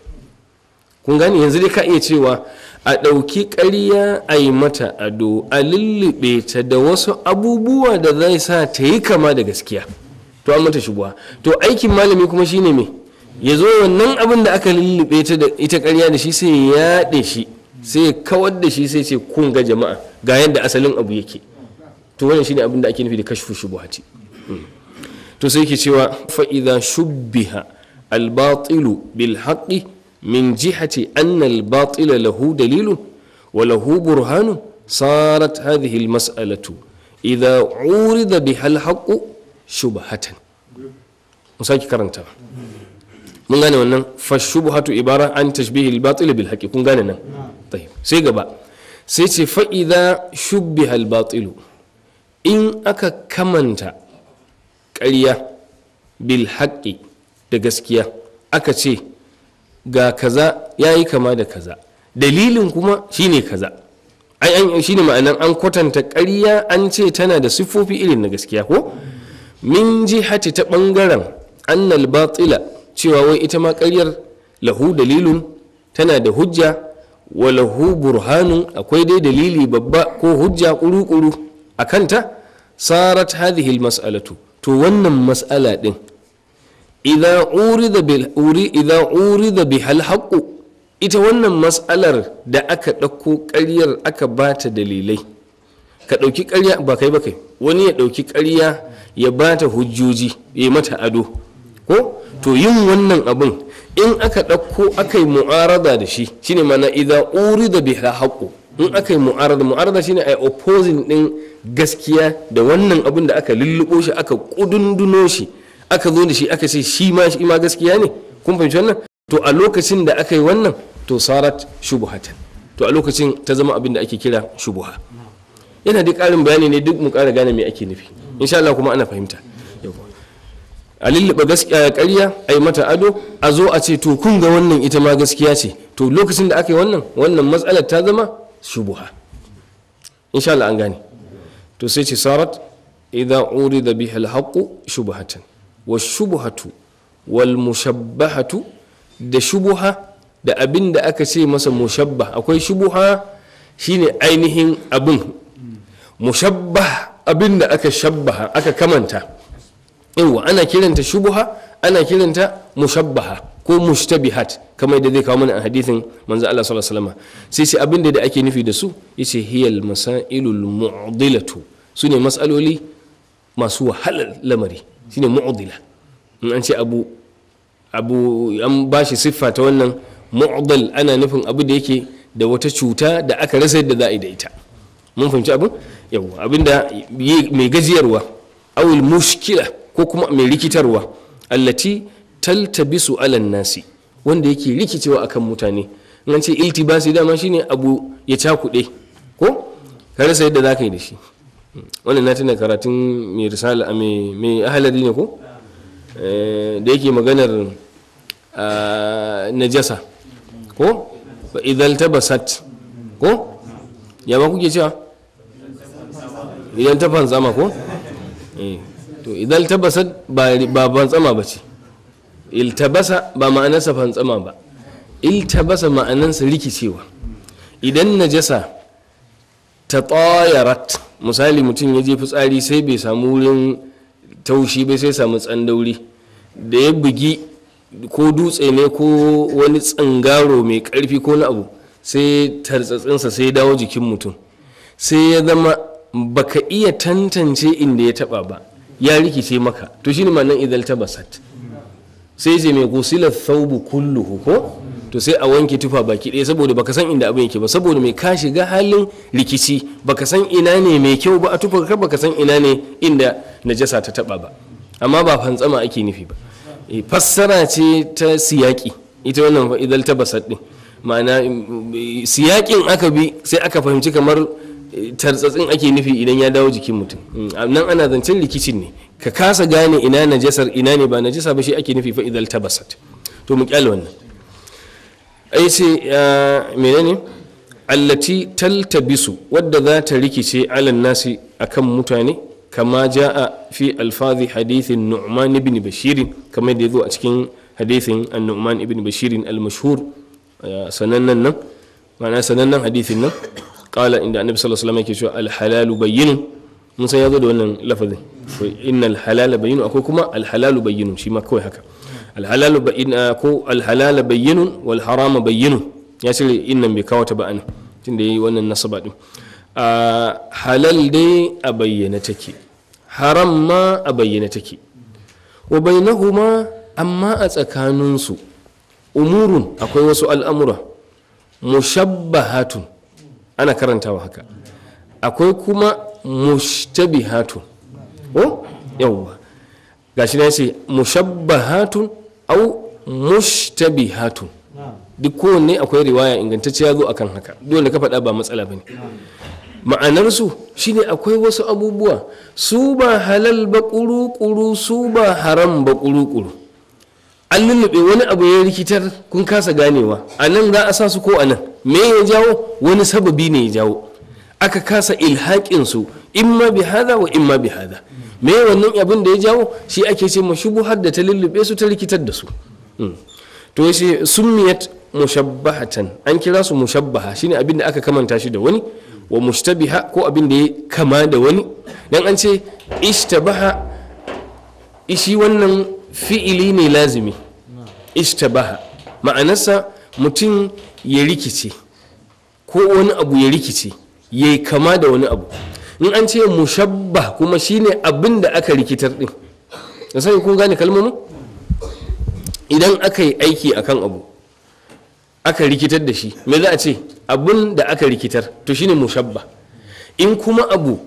Speaker 1: kun gani yanzu dai ka iya cewa a ɗauki ƙarya a yi mata ado a lullube ta da wasu abubuwa da zai sa ta yi kama da gaskiya to an mata shubuwa to aikin malami kuma shine me ya zo wannan abin da aka lullube ta da ita karya da shi sai ya yaɗe shi sai ya kawar da shi sai ce kun ga jama'a ga yadda asalin abu yake to wannan shine abin da ake nufi da kashfu shubuhati mm. to sai yake cewa fa idza shubbiha al batilu bil haqqi min jihati anna al lahu dalilu wa lahu burhanun sarat hadhihi al mas'alatu idza urida biha al haqqu shubhatan musaki karanta mun gane wannan hatu ibara an tashbihil batil bil haqi kun gane nan sai gaba sai ce fa idza shubbiha al in aka kamanta ƙarya bil da gaskiya aka ce ga kaza ya yi kama da kaza dalilin kuma shine kaza ai an shine ma'anan an kwatanta ƙarya an ce tana da siffofi irin na gaskiya ko min jihati ta ɓangaren annal batila cewa wai ita ma ƙaryar lahu dalilun tana da hujja wa lahu burhanun akwai dai dalili babba ko hujja kuru-kuru a kanta sarat hadhihi mas'alatu to wannan mas'ala din Idan urida bil uri bihal haqqu ita wannan mas'alar da aka ɗauko ƙaryar aka bata dalilai ka ɗauki ƙarya ba kai ba kai wani ya ɗauki ƙarya ya bata hujjoji ya mata ado ko to yin wannan abin in aka ɗauko aka yi mu'arada da shi shine mana idza da biha haƙo in aka yi mu'arada mu'arada shine ai opposing din gaskiya da wannan abin da aka lullubo shi aka ƙudunduno shi aka zo da shi aka ce shi ma shi ma gaskiya ne kun fahimci wannan to a lokacin da aka yi wannan to sarat shubuhatan to a lokacin ta zama abin da ake kira shubuha yana da ƙarin bayani ne duk mu ƙara gane me ake nufi insha Allah kuma ana fahimta a lullube gaskiya ƙarya a yi mata ado a zo a ce to kun ga wannan ita ma gaskiya ce to lokacin da aka yi wannan wannan matsalar ta zama shubuha insha Allah an gane to sai ce sarat idza urida biha alhaq shubhatan wa shubhatu wal mushabbahatu da shubuha da abin da aka ce masa mushabba akwai shubuha shine ainihin abin mushabba abin da aka shabbaha aka kamanta yawwa ana kiranta shubuha ana kiranta mushabbaha ko mushtabihat kamar da zai kawo mana a hadithin manzo Allah sallallahu alaihi wasallam sai sai abin da ake nufi da su yace hiyal masailul mu'dilatu sune masaloli masu wahalar lamari shine mu'dila in an ce abu abu an bashi siffa ta wannan mu'dil ana nufin abu da yake da wata cuta da aka rasa yadda za a yi da ita mun fahimci abin yauwa abinda mai gajiyarwa awil mushkila ko kuma mai rikitarwa allati taltabisu alan nasi wanda yake rikicewa akan mutane in an ce iltibasi dama shine abu ya cakuɗe ko ka rasa yadda za ka yi da shi wannan na tana karatun mai risala a mai ahalari ne ko eh, da yake maganar najasa ko ba idan tabasat ko ya ba kuke cewa idan ta zama ko eh. to idan tabasat ba fantsama ba ce iltabasa ba ma'anarsa fantsama ba iltabasa ma'anarsa rikicewa idan najasa ta tsayarat misali mutum ya je fitsari sai bai samu wurin taushi bai sai samu tsandauri da ya bugi ko dutse ne ko wani tsangaro mai karfi ko na abu sai tartsatsinsa sai dawo jikin mutum sai ya zama baka iya tantance inda ya taba ba ya rikice maka to shi ne ma nan idan tabasat sai je mai gusila thaubu kulluhu ko to sai a wanke tufa baki ɗaya saboda baka san inda abin yake ba saboda mai ka shiga halin rikici baka san ina ne mai kyau ba a tufa ka baka san ina ne inda najasa ta taba ba amma ba fantsama ake nufi ba e, fassara ce ta siyaki ita wannan idan tabasat din ma'ana e, siyakin aka bi sai aka fahimci kamar tartsatsin ake nufi idan ya dawo jikin mutum mm, nan ana zancen rikicin ne ka kasa gane ina najasar ina ne ba najasa ba shi ake nufi fa idal tabasat to mu kyale wannan ai ce menene allati taltabisu wadda za ta rikice alan nasi akan mutane kama ja'a fi alfazi hadithin nu'man ibn bashirin kamar da yazo a cikin hadithin an-nu'man ibn bashirin al-mashhur sanannen nan ma'ana sanannan hadithin nan qala inda annabi sallallahu alaihi wasallam yake cewa al halalu bayyinun mun san ya zo da wannan lafazin innal halala bayyinun akwai kuma al halalu bayyinun shi ma kawai haka al halalu bayyin ko al halala bayyinun wal harama bayyinun ya cire innan bai kawo ta ba anan tunda yayi wannan nasaba din halal dai a bayyana take haram ma a bayyana take wa bainahuma amma a tsakaninsu umurun akwai wasu al'amura mushabbahatun ana karantawa haka akwai kuma mushtabi mushtabihatun ko oh, yawwa shi ce mushabba mushabbahatun au hatun duk kowanne akwai riwaya ingantacciya zo akan haka dole ka faɗa ba matsala ne ma'anarsu shine akwai wasu abubuwa su ba halal ba ƙuruƙuru su ba haram ba ƙuruƙuru. an lullube wani abu ya rikitar kun kasa ganewa a nan za a sa su ko a nan me ya jawo wani sababi ne ya jawo aka kasa ilhaƙin su imma bi hada wa imma bi hada me wannan abin da ya jawo shi ake ce mashubuhar da ta lullube su ta rikitar da su hmm. to shi summiyat mushabbahatan an kira su mushabbaha shine abin da aka kamanta shi da wani wa mushtabiha ko abin da ya kama da wani dan an ce ishtabaha ishi wannan fi'ili ne lazimi ishtabaha ma'anarsa mutum ya rikice ko wani abu ya rikice ya yi kama da wani abu in an ce mushabba kuma shine abin da aka rikitar din da sai kun gane kalmomi idan aka yi aiki akan abu aka rikitar da shi me za a ce abin da aka rikitar to shine shabba. in kuma abu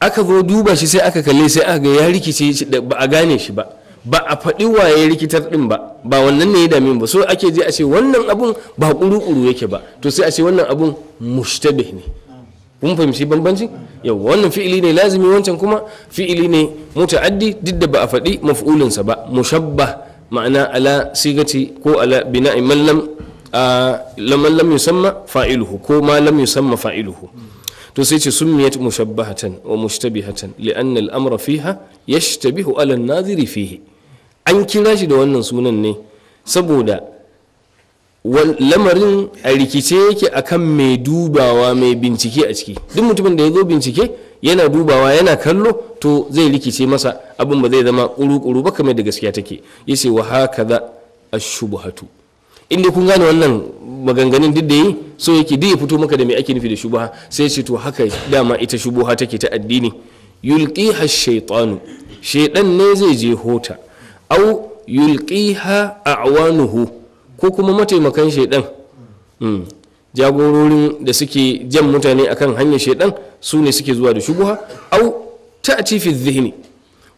Speaker 1: aka zo duba shi sai aka kalle sai aka ga ya rikice ba a gane shi ba ba a faɗi waye rikitar ɗin ba ba wannan ne ya dame ba so ake je a ce wannan abun ba ƙuru-ƙuru yake ba to sai a ce wannan abun mushtabih ne kun fahimci bambanci yau wannan fi'ili ne lazimi wancan kuma fi'ili ne muta'addi duk da ba a faɗi maf'ulinsa ba mushabba ma'ana ala sigati ko ala bina'i mallam lamman lam yusamma fa'iluhu ko ma lam yusamma fa'iluhu to sai ce summiyat mushabbahatan wa mushtabihatan li'anna al-amra fiha yashtabihu ala an-nadhiri fihi an kira shi da wannan sunan ne saboda lamarin a rikice yake akan mai dubawa mai bincike a ciki duk mutumin da ya zo bincike yana dubawa yana kallo to zai rikice masa abin ba zai zama kuru-kuru ba kamar da gaskiya take ya ce wa haka za a shubuhatu inda kun gane wannan maganganun duk da yi so yake duk ya fito maka da mai ake nufi da shubuha sai ce to haka dama ita shubuha take ta addini yulki shaitanu shaitan ne zai je hota au yulqiha a'wanuhu ko kuma mataimakan shaidan hmm. jagororin da suke jan mutane akan hanyar shaidan su ne suke zuwa da shubuha au ta'ti cifin dhihni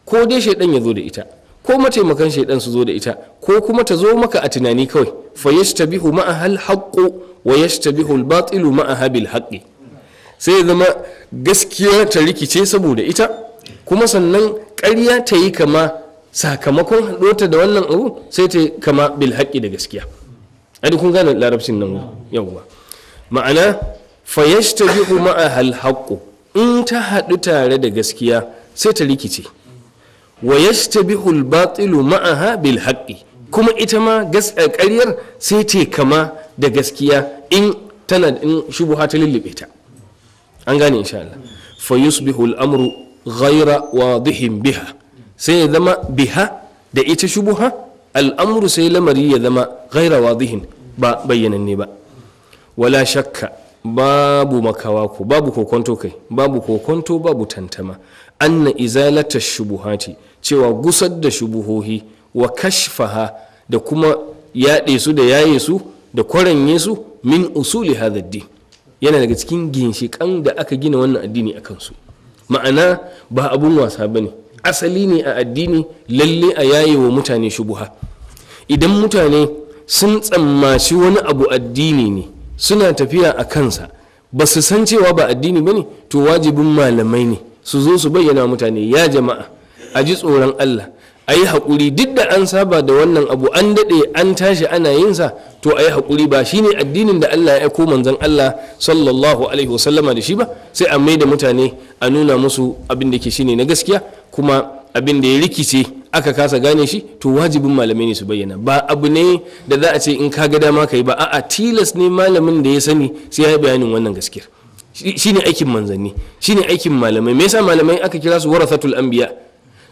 Speaker 1: ko dai shaidan ya zo da ita ko mataimakan shaidan su zo da ita ko kuma ta zo maka a tunani kawai fa yashtabihu ma'aha hal haqqu wa yashtabihu al-batilu ma'aha bil haqqi sai zama gaskiya ta rikice saboda ita kuma sannan ƙarya ta yi kama sakamakon haɗota da wannan abu sai ta kama bil haƙƙi da gaskiya a kun gane larabcin nan yawwa ma'ana yashtabihu ma'a hal haqqu in ta haɗu tare da gaskiya sai ta rikice wa yashtabihu al batilu ma'aha bil kuma ita ma eh, ƙaryar sai ta kama da gaskiya in tana in shubuha ta lullube ta an gane insha Allah fa yusbihu al amru ghayra wadihin biha sai ya zama biha da ita shubuha al'amuru sai lamari ya zama gaira wazihin ba bayyananne ba wala shakka babu makawa ko babu kokonto kai babu kokonto babu tantama anna izalata shubuhati cewa gusar da shubuhohi wa kashfaha da kuma yaɗe su da yaye su da kwaranye su min usuli hadaddi yana daga cikin ginshiƙan da aka gina wannan addini a kansu ma'ana ba abun wasa ba ne. asali ne a addini lalle a yaye wa mutane shubuha idan mutane sun tsammaci wani abu addini ne suna tafiya a kansa ba su san cewa ba addini ba ne to wajibin malamai ne su zo su bayyana mutane ya jama'a a ji tsoron allah a yi haƙuri duk da an saba da wannan abu an daɗe an tashi ana yin sa to a yi haƙuri ba shine addinin da Allah ya aiko manzon Allah sallallahu alaihi wasallama da shi ba sai a maida mutane a nuna musu abin da ke shine na gaskiya kuma abin da ya rikice aka kasa gane shi to wajibin malamai ne su bayyana ba abu ne da za a ce in ka ga dama ka yi ba a'a tilas ne malamin da ya sani sai ya bayanin wannan gaskiyar shine aikin manzanni shine aikin malamai me yasa malamai aka kira su warathatul anbiya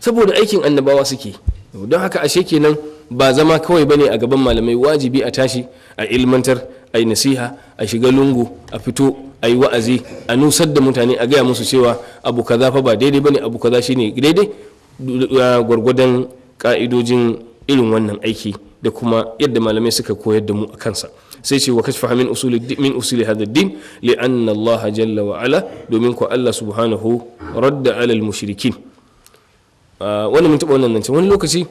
Speaker 1: saboda aikin annabawa suke don haka ashe kenan ba zama kawai bane a gaban malamai wajibi a tashi a ilmantar a yi nasiha a shiga lungu a fito a yi wa'azi a nusar da mutane a gaya musu cewa abu kaza fa ba daidai bane abu kaza shine daidai gwargwadon ka'idojin irin wannan aiki da kuma yadda malamai suka koyar da mu a kansa sai ce wa kashfa min usuli min usuli hadha din li anna Allah jalla wa domin ko Allah subhanahu radda alal mushirikin." Ah, wani mun taɓa wannan nan wani lokaci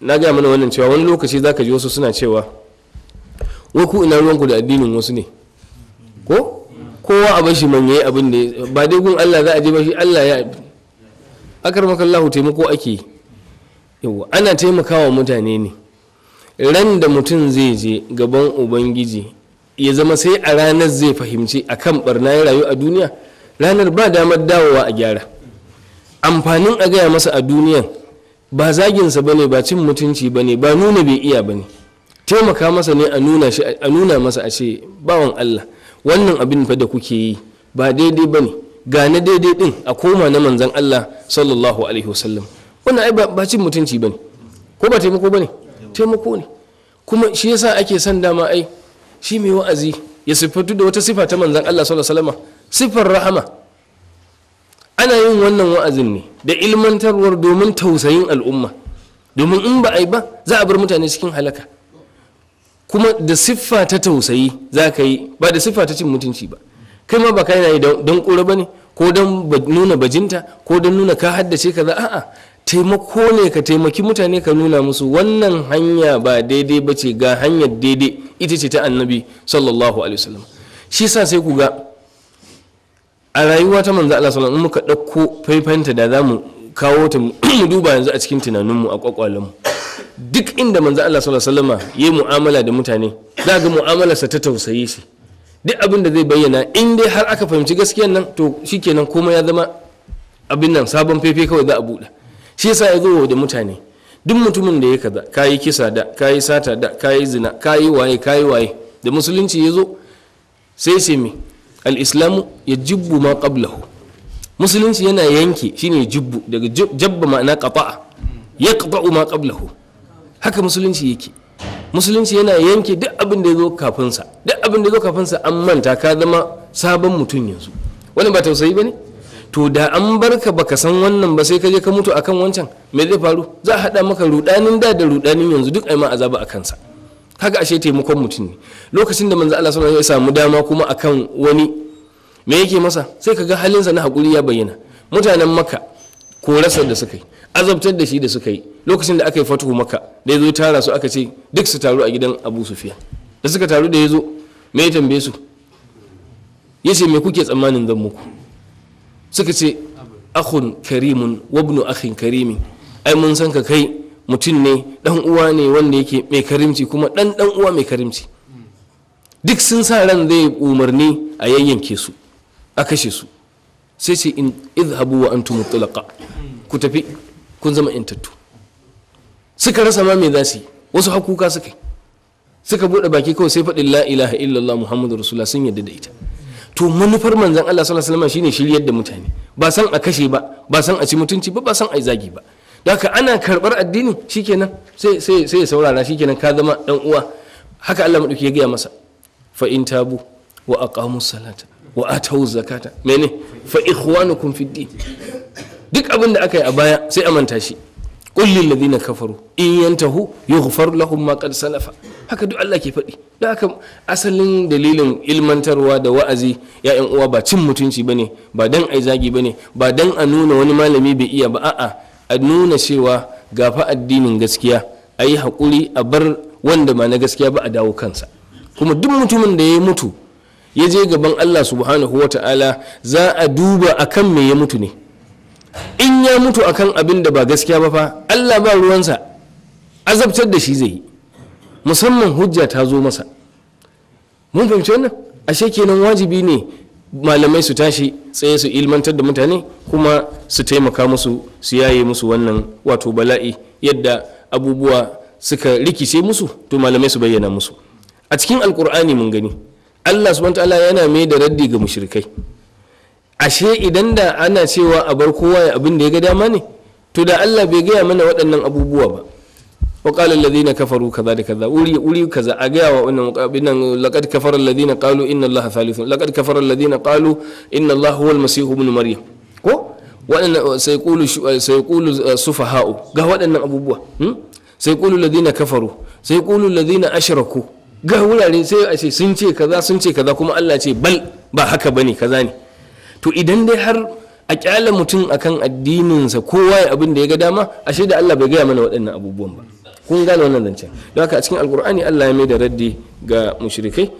Speaker 1: na gaya mana wannan cewa wani lokaci za ka ji wasu suna cewa wai ku ina ruwanku da addinin wasu ne ko kowa a bashi man yayi abin da ba dai gun Allah za a je bashi Allah ya akar makallahu taimako ake yawa ana taimakawa mutane ne ran da mutum zai je gaban ubangiji ya zama sai a ranar zai fahimci akan barna ya rayu a duniya ranar ba damar dawowa a gyara amfanin a gaya masa a duniyan ba zaginsa ba ne ba cin mutunci ba ne ba nuna bai iya ba ne taimaka masa ne a nuna masa a ce bawan allah wannan abin fa da kuke yi ba daidai ba ne ga na daidai din a koma na manzan allah sallallahu alaihi wasallam wannan ai ba cin mutunci ba ne ko ba taimako ba ne taimako ne kuma shi yasa ake son dama ai shi mai wa'azi ya siffatu da wata sifa ta manzan allah sallallahu alaihi wasallam siffar rahama ana yin wannan wa'azin ne da ilmantarwar domin tausayin al'umma domin in ba a yi ba za a bar mutane cikin halaka kuma da siffa ta tausayi za ka yi ba da siffa ta cin mutunci ba kai ma ba ka yana yi don ƙura ba ne ko don nuna bajinta ko don nuna ka haddace ka za a'a taimako ne ka taimaki mutane ka nuna musu wannan hanya ba daidai ba ce ga hanyar daidai ita ce ta annabi sallallahu alaihi wasallam shi sa sai ku ga a rayuwa ta manzo Allah sallallahu muka ɗauko faifanta da zamu kawo ta mu duba yanzu a cikin tunaninmu a kwakwalenmu duk inda manzo Allah sallallahu alaihi wasallam yayi mu'amala da mutane za ga mu'amalarsa ta tausayi shi duk abin da zai bayyana in dai har aka fahimci gaskiyar nan to shikenan komai ya zama abin nan sabon fefe kawai za a buɗe shi yasa ya zo da mutane duk mutumin da ya kaza kayi kisa da kayi sata da kayi zina kayi waye kayi waye da musulunci ya zo sai sai me Al'islamu ya jibbu ma qablahu musulunci yana yanke shine jibbu daga jabba ma'ana qata'a ya qata'u ma qablahu haka musulunci yake musulunci yana yanke duk abin da ya zo kafinsa. duk abin da ya zo kafinsa an manta ka zama sabon mutum yanzu Wani ba tausayi ba ne? to da an barka baka san wannan ba sai ka je ka mutu akan wancan me zai faru za a haɗa maka ruɗanin da da ruɗanin yanzu duk ai ma azaba a kansa. kaga ashe taimakon mutum ne lokacin da manzo Allah sallallahu alaihi wasallam ya samu dama kuma akan wani me yake masa sai kaga halinsa na hakuri ya bayyana mutanen makka rasa da suka yi azabtar da shi da suka yi lokacin da aka yi fatuhu makka da ya zo tara su aka ce duk su taru a gidan abu sufiya da suka taru da ya zo me ya tambaye su yace ce me kuke tsammanin zan muku suka ce akhun karimun wabnu akhin karimin ai mun san ka kai mutum ne dan uwa ne wanda yake mai karimci kuma dan dan uwa mai karimci duk sun sa ran zai umarni a yayyanke su a kashe su sai ce in izhabu wa antum mutlaqa ku tafi kun zama intattu suka rasa ma me za su wasu hakuka suka yi suka bude baki kawai sai faɗin la ilaha illallah muhammadu rasulullah sun yadda da ita to manufar manzon Allah sallallahu alaihi wasallam shine shiryar da mutane ba san a kashe ba ba san a ci mutunci ba ba san a yi zagi ba daga ana karɓar addini shikenan sai sai sai ya saurara shikenan ka zama dan uwa haka Allah madauki ya gaya masa fa in tabu wa aqamu salata wa atau zakata mene fa ikhwanukum fid din duk abin da aka yi a baya sai a manta shi qul lil ladina kafaru in yantahu yughfar lahum ma qad salafa haka duk Allah ke faɗi da haka asalin dalilin ilmantarwa da wa'azi ya uwa ba cin mutunci bane ba dan ai zagi bane ba dan a nuna wani malami bai iya ba a'a a nuna cewa gafa addinin gaskiya a yi haƙuri a bar wanda ba na gaskiya ba a dawo kansa kuma duk mutumin da ya mutu ya je gaban allah subhanahu wa ta'ala za a duba akan me ya mutu ne in ya mutu a kan abin da ba gaskiya ba fa allah ba ruwansa azabtar da shi zai yi musamman hujja ta zo masa mun fahimci wannan ashe kenan wajibi ne malamai su tashi tsaye su ilmantar da mutane kuma su taimaka musu su yaye musu wannan wato bala'i yadda abubuwa suka rikice musu to malamai su bayyana musu a cikin alkur'ani mun gani allah subhanahu ta'ala yana mai da raddi ga mushrikai ashe idan da ana cewa a bar kowa ya abin da ya ga dama ne to da allah bai gaya mana waɗannan abubuwa ba wa qala kafaru kaza da kaza wuri wuri kaza a ga wa wannan muqabilan laqad kafara alladhina qalu inna allaha thalithun laqad kafara alladhina qalu inna allaha huwa almasih ibn maryam ko sai qulu sai qulu sufaha'u waɗannan abubuwa sai qulu alladhina kafaru sai qulu alladhina ashraku ga wurare sai a ce sun kaza sun kaza kuma Allah ce bal ba haka bane kaza ne to idan dai har a kyala mutum akan addininsa kowa ya abin da ya ga dama ashe da Allah bai gaya mana waɗannan abubuwan ba kun gane wannan zancen don haka a cikin alkur'ani Allah ya mai da raddi ga mushrikai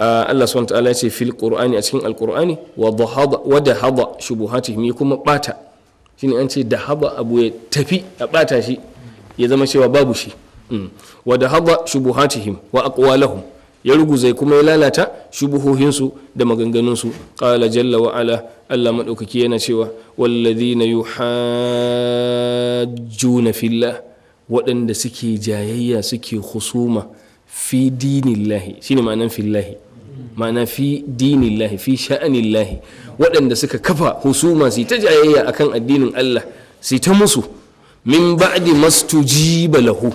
Speaker 1: Allah swt ta'ala ya ce fil qur'ani a cikin alkur'ani wa dhahaba wa dahaba mai kuma bata ne an ce da haba abu ya tafi a bata shi ya zama cewa babu shi mm. wa dahaba shubuhatihim wa aqwalahum ya zai kuma ya lalata shubuhohinsu da maganganunsu ƙala jalla wa ala allah maɗaukaki yana cewa wallazina yuhajjuna fillah waɗanda suke jayayya suke husuma fi dinillahi shine ma'anan fillahi ma'ana fi dinillahi fi sha'anillahi waɗanda suka kafa husuma su ta jayayya akan addinin Allah su ta musu min ba'di mastujiba lahu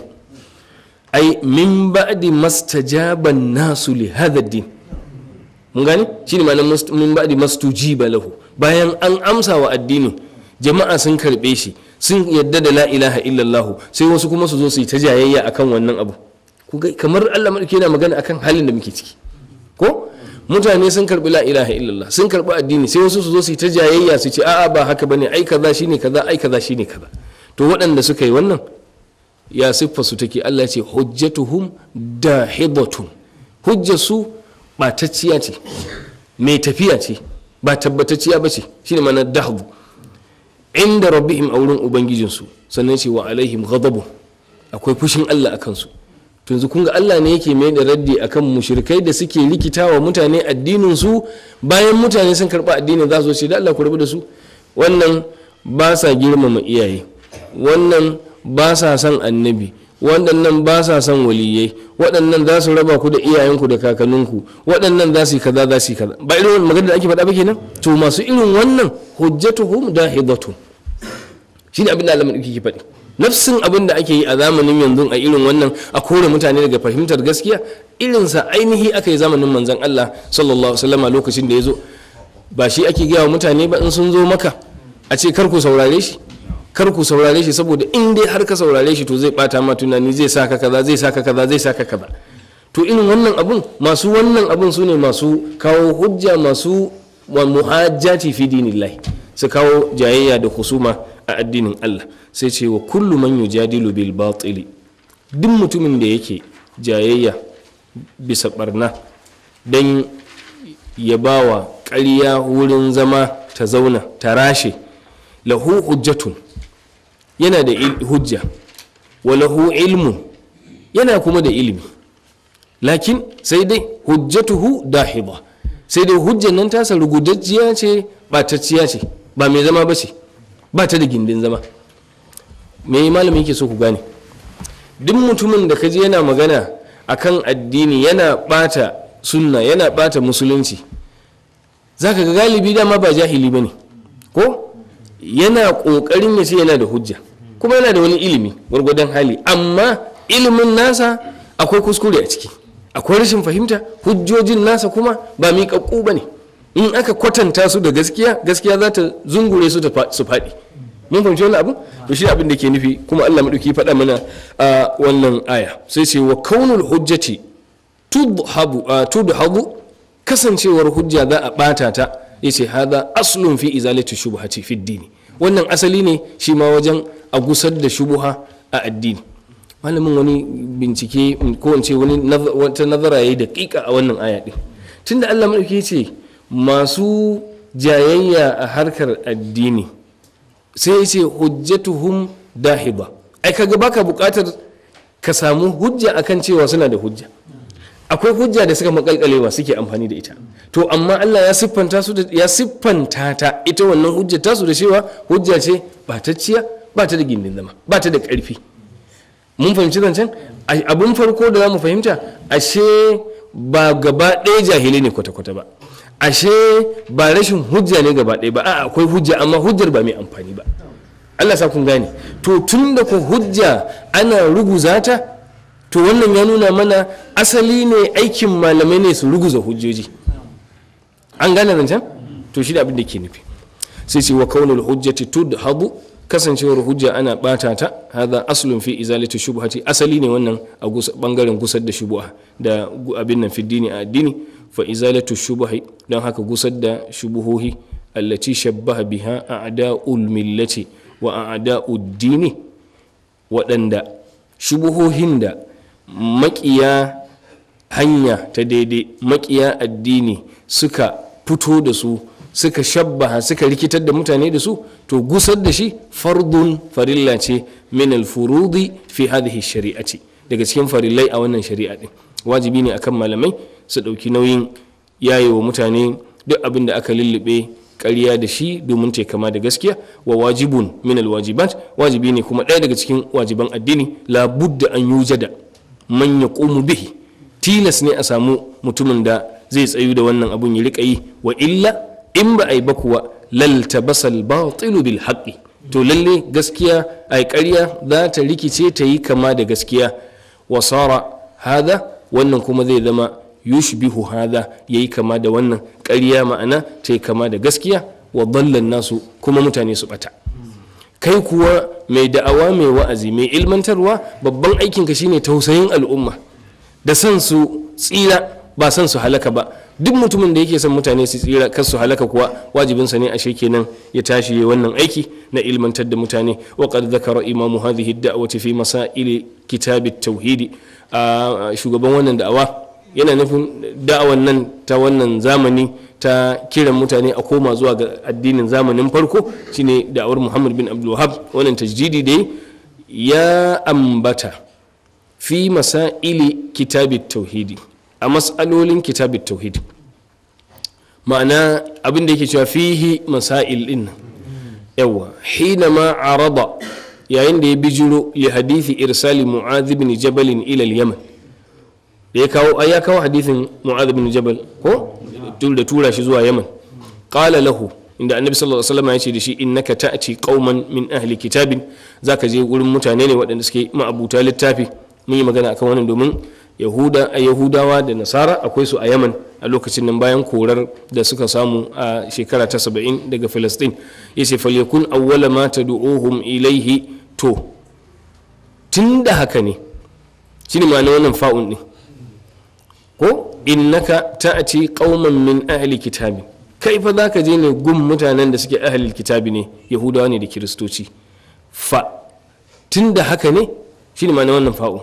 Speaker 1: ai min ba'di mastajaba nasu li hadha din mun gane shine ma'anan min ba'di mastujiba lahu bayan an amsa wa addinin jama'a sun karɓe shi sun yadda da la'ilaha ilaha illallah sai wasu kuma su zo su yi ta jayayya akan wannan abu kamar Allah madauki yana magana akan halin da muke ciki ko mutane sun karbi la ilaha illallah sun karbi addini sai wasu su zo su yi ta jayayya su ce a'a ba haka bane ai kaza shine kaza ai kaza shine kaza to waɗanda suka yi wannan ya siffa su take Allah ya ce hujjatuhum dahibatun hujjasu batacciya ce mai tafiya ce ba tabbatacciya ba ce shine mana dahabu. inda rabbihim a wurin ubangijinsu sannan ce wa alaihim ghadabu akwai fushin Allah a kansu. to yanzu kun ga Allah ne yake mai da raddi akan mushirikai da suke likita wa mutane addinin bayan mutane sun karba addinin za su ce da Allah ku rabu da su wannan ba sa girmama iyaye wannan ba sa son annabi waɗannan ba sa son waliyai waɗannan za su raba ku da iyayenku da kakanninku waɗannan za su yi kaza za su yi kaza ba irin magana da ake faɗa ba kenan to masu irin wannan hujjatuhum dahidatu shi ne abin da alamun ke faɗi nafsin abin da ake yi a zamanin yanzu a irin wannan a kore mutane daga fahimtar gaskiya irinsa ainihi aka yi zamanin manzon Allah sallallahu alaihi wasallama lokacin da ya zo ba shi ake gaya wa mutane ba in sun zo maka a ce kar ku saurare shi kar ku saurare shi saboda in dai har ka saurare shi to zai bata ma tunani zai saka kaza zai saka kaza zai saka kaza to irin wannan abun masu wannan abun sune masu kawo hujja masu wa muhajjati fi dinillahi su kawo jayayya da husuma a addinin Allah sai ce wa kullu man yujadilu bil batili duk mutumin da yake jayayya bisa barna dan ya ba wa ƙarya wurin zama ta zauna ta rashe lahu hujjatun yana da hujja walahu ilmu yana kuma da ilimi lakin sai dai hujjatuhu hiba sai dai hujjan nan tasa rugudajjiya ce batacciya ce ba mai zama ba ce ba ta da gindin zama me malamin yake so ku gane duk mutumin da kaji yana magana a kan addini yana bata sunna yana bata musulunci zaka ga galibi dama ba jahili ba ne ko yana ƙoƙarin ya ce yana da hujja kuma yana da wani ilimi gwargwadon hali amma ilimin nasa akwai kuskure a ciki akwai rashin fahimta hujjojin nasa kuma ba miƙaƙƙu ba ne in aka kwatanta su da gaskiya gaskiya za ta zungure su su faɗi mun fahimci wani abu to shi abin da ke nufi kuma Allah madauki faɗa mana a wannan aya sai ce wa kaunul hujjati tudhabu tudhabu kasancewar hujja za a bata ta yace hada aslun fi izalati shubhati fi dini wannan asali ne shi ma wajen a gusar da shubuha a addini malamin wani bincike ko wace wani wata nazara yayi daƙiƙa a wannan aya ɗin. tunda Allah madauki ce masu jayayya a harkar addini sai ya ce hujjatuhum dahiba ai kaga baka buƙatar ka samu hujja akan cewa suna da hujja akwai hujja da suka makalkalewa suke amfani da ita to amma Allah ya siffanta su ya siffanta ta ita wannan hujja ta su da cewa hujja ce ba ta ciya ba ta da gindin zama ba ta da karfi mun fahimci zancen abin farko da za mu fahimta ashe ba gaba ɗaya jahili ne kwata-kwata ba ashe ba rashin hujja ne gaba ɗaya ba a akwai hujja amma hujjar ba mai amfani ba Allah sa kun gane to tun da ku hujja ana ruguza ta to wannan ya nuna mana asali ne aikin malamai ne su ruguza hujjoji an gane zancen to shi da abin da ke nufi sai ce wa kaunar hujjati hagu. kasancewar hujja ana bata ta haza asalin fi shubu hati asali ne wannan a bangaren gusar da shubu da abin nan fiddini a addini fa izalatu hai don haka gusar da shubuhohi allati shabbaha biha ada millati wa ada uddini waɗanda shubuhohin da maƙiya hanya ta daidai maƙiya addini suka fito da su suka shabbaha suka rikitar da mutane da su to gusar da shi fardun farilla ce min alfurudi fi hadhihi shari'ati daga cikin farillai a wannan shari'a din wajibi ne akan malamai su ɗauki nauyin yayewa mutane duk abin da aka lullube ƙarya da shi domin ta kama da gaskiya wa wajibun min alwajibat wajibi ne kuma ɗaya daga cikin wajiban addini labudda an yujada man yaqumu bihi tilas ne a samu mutumin da zai tsayu da wannan abun ya rika yi wa illa in ba a ba kuwa lal tabasal batilu bil haƙƙi. to lalle gaskiya ai ƙarya za ta rikice ta yi kama da gaskiya wa sara hada wannan kuma zai zama yushbihu hada yayi kama da wannan ƙarya ma'ana ta yi kama da gaskiya wa dallan nasu kuma mutane su bata kai kuwa mai da'awa mai wa'azi mai ilmantarwa babban aikinka shine tausayin al'umma da son su tsira ba son su halaka ba duk mutumin da yake son mutane su tsira kar su halaka kuwa wajibin sa ne a ashe kenan ya tashi ya wannan aiki na ilmantar da mutane wa qad zakara imamu hadhihi da'wati fi masail kitab at-tauhid ah, shugaban wannan da'awa yana nufin da'awan nan ta wannan zamani ta kiran mutane a koma zuwa ga addinin zamanin farko shine da'awar muhammad bin abdulwahab wannan tajdidi dai ya ambata fi masa'ili kitabit tauhidi a matsalolin kitabit tauhidi ma'ana abin da yake cewa fihi masail din yawa hina ma araba yayin da ya bijiro li hadithi irsali mu'adh bin jabal ila al-yaman da ya kawo ya kawo hadithin mu'adh bin jabal ko da tura shi zuwa yaman ƙala lahu inda annabi sallallahu alaihi wasallam ya ce da shi innaka ta'ti qauman min ahli kitabin zaka je wurin mutane ne waɗanda suke ma'abuta littafi mun yi magana akan wannan domin yahuda yahudawa da nasara akwai su a yaman a lokacin nan bayan korar da suka samu a shekara ta saba'in daga filistin ya ce falyakun awwala ma tad'uhum ilaihi to tun da haka ne shine ma'ana wannan fa'un din ko innaka ta'ati qauman min ahli kitabi kai fa zaka je ne gun mutanen da suke ahli kitabi ne yahudawa ne da kiristoci fa tunda haka ne shine ma'anar wannan fa'o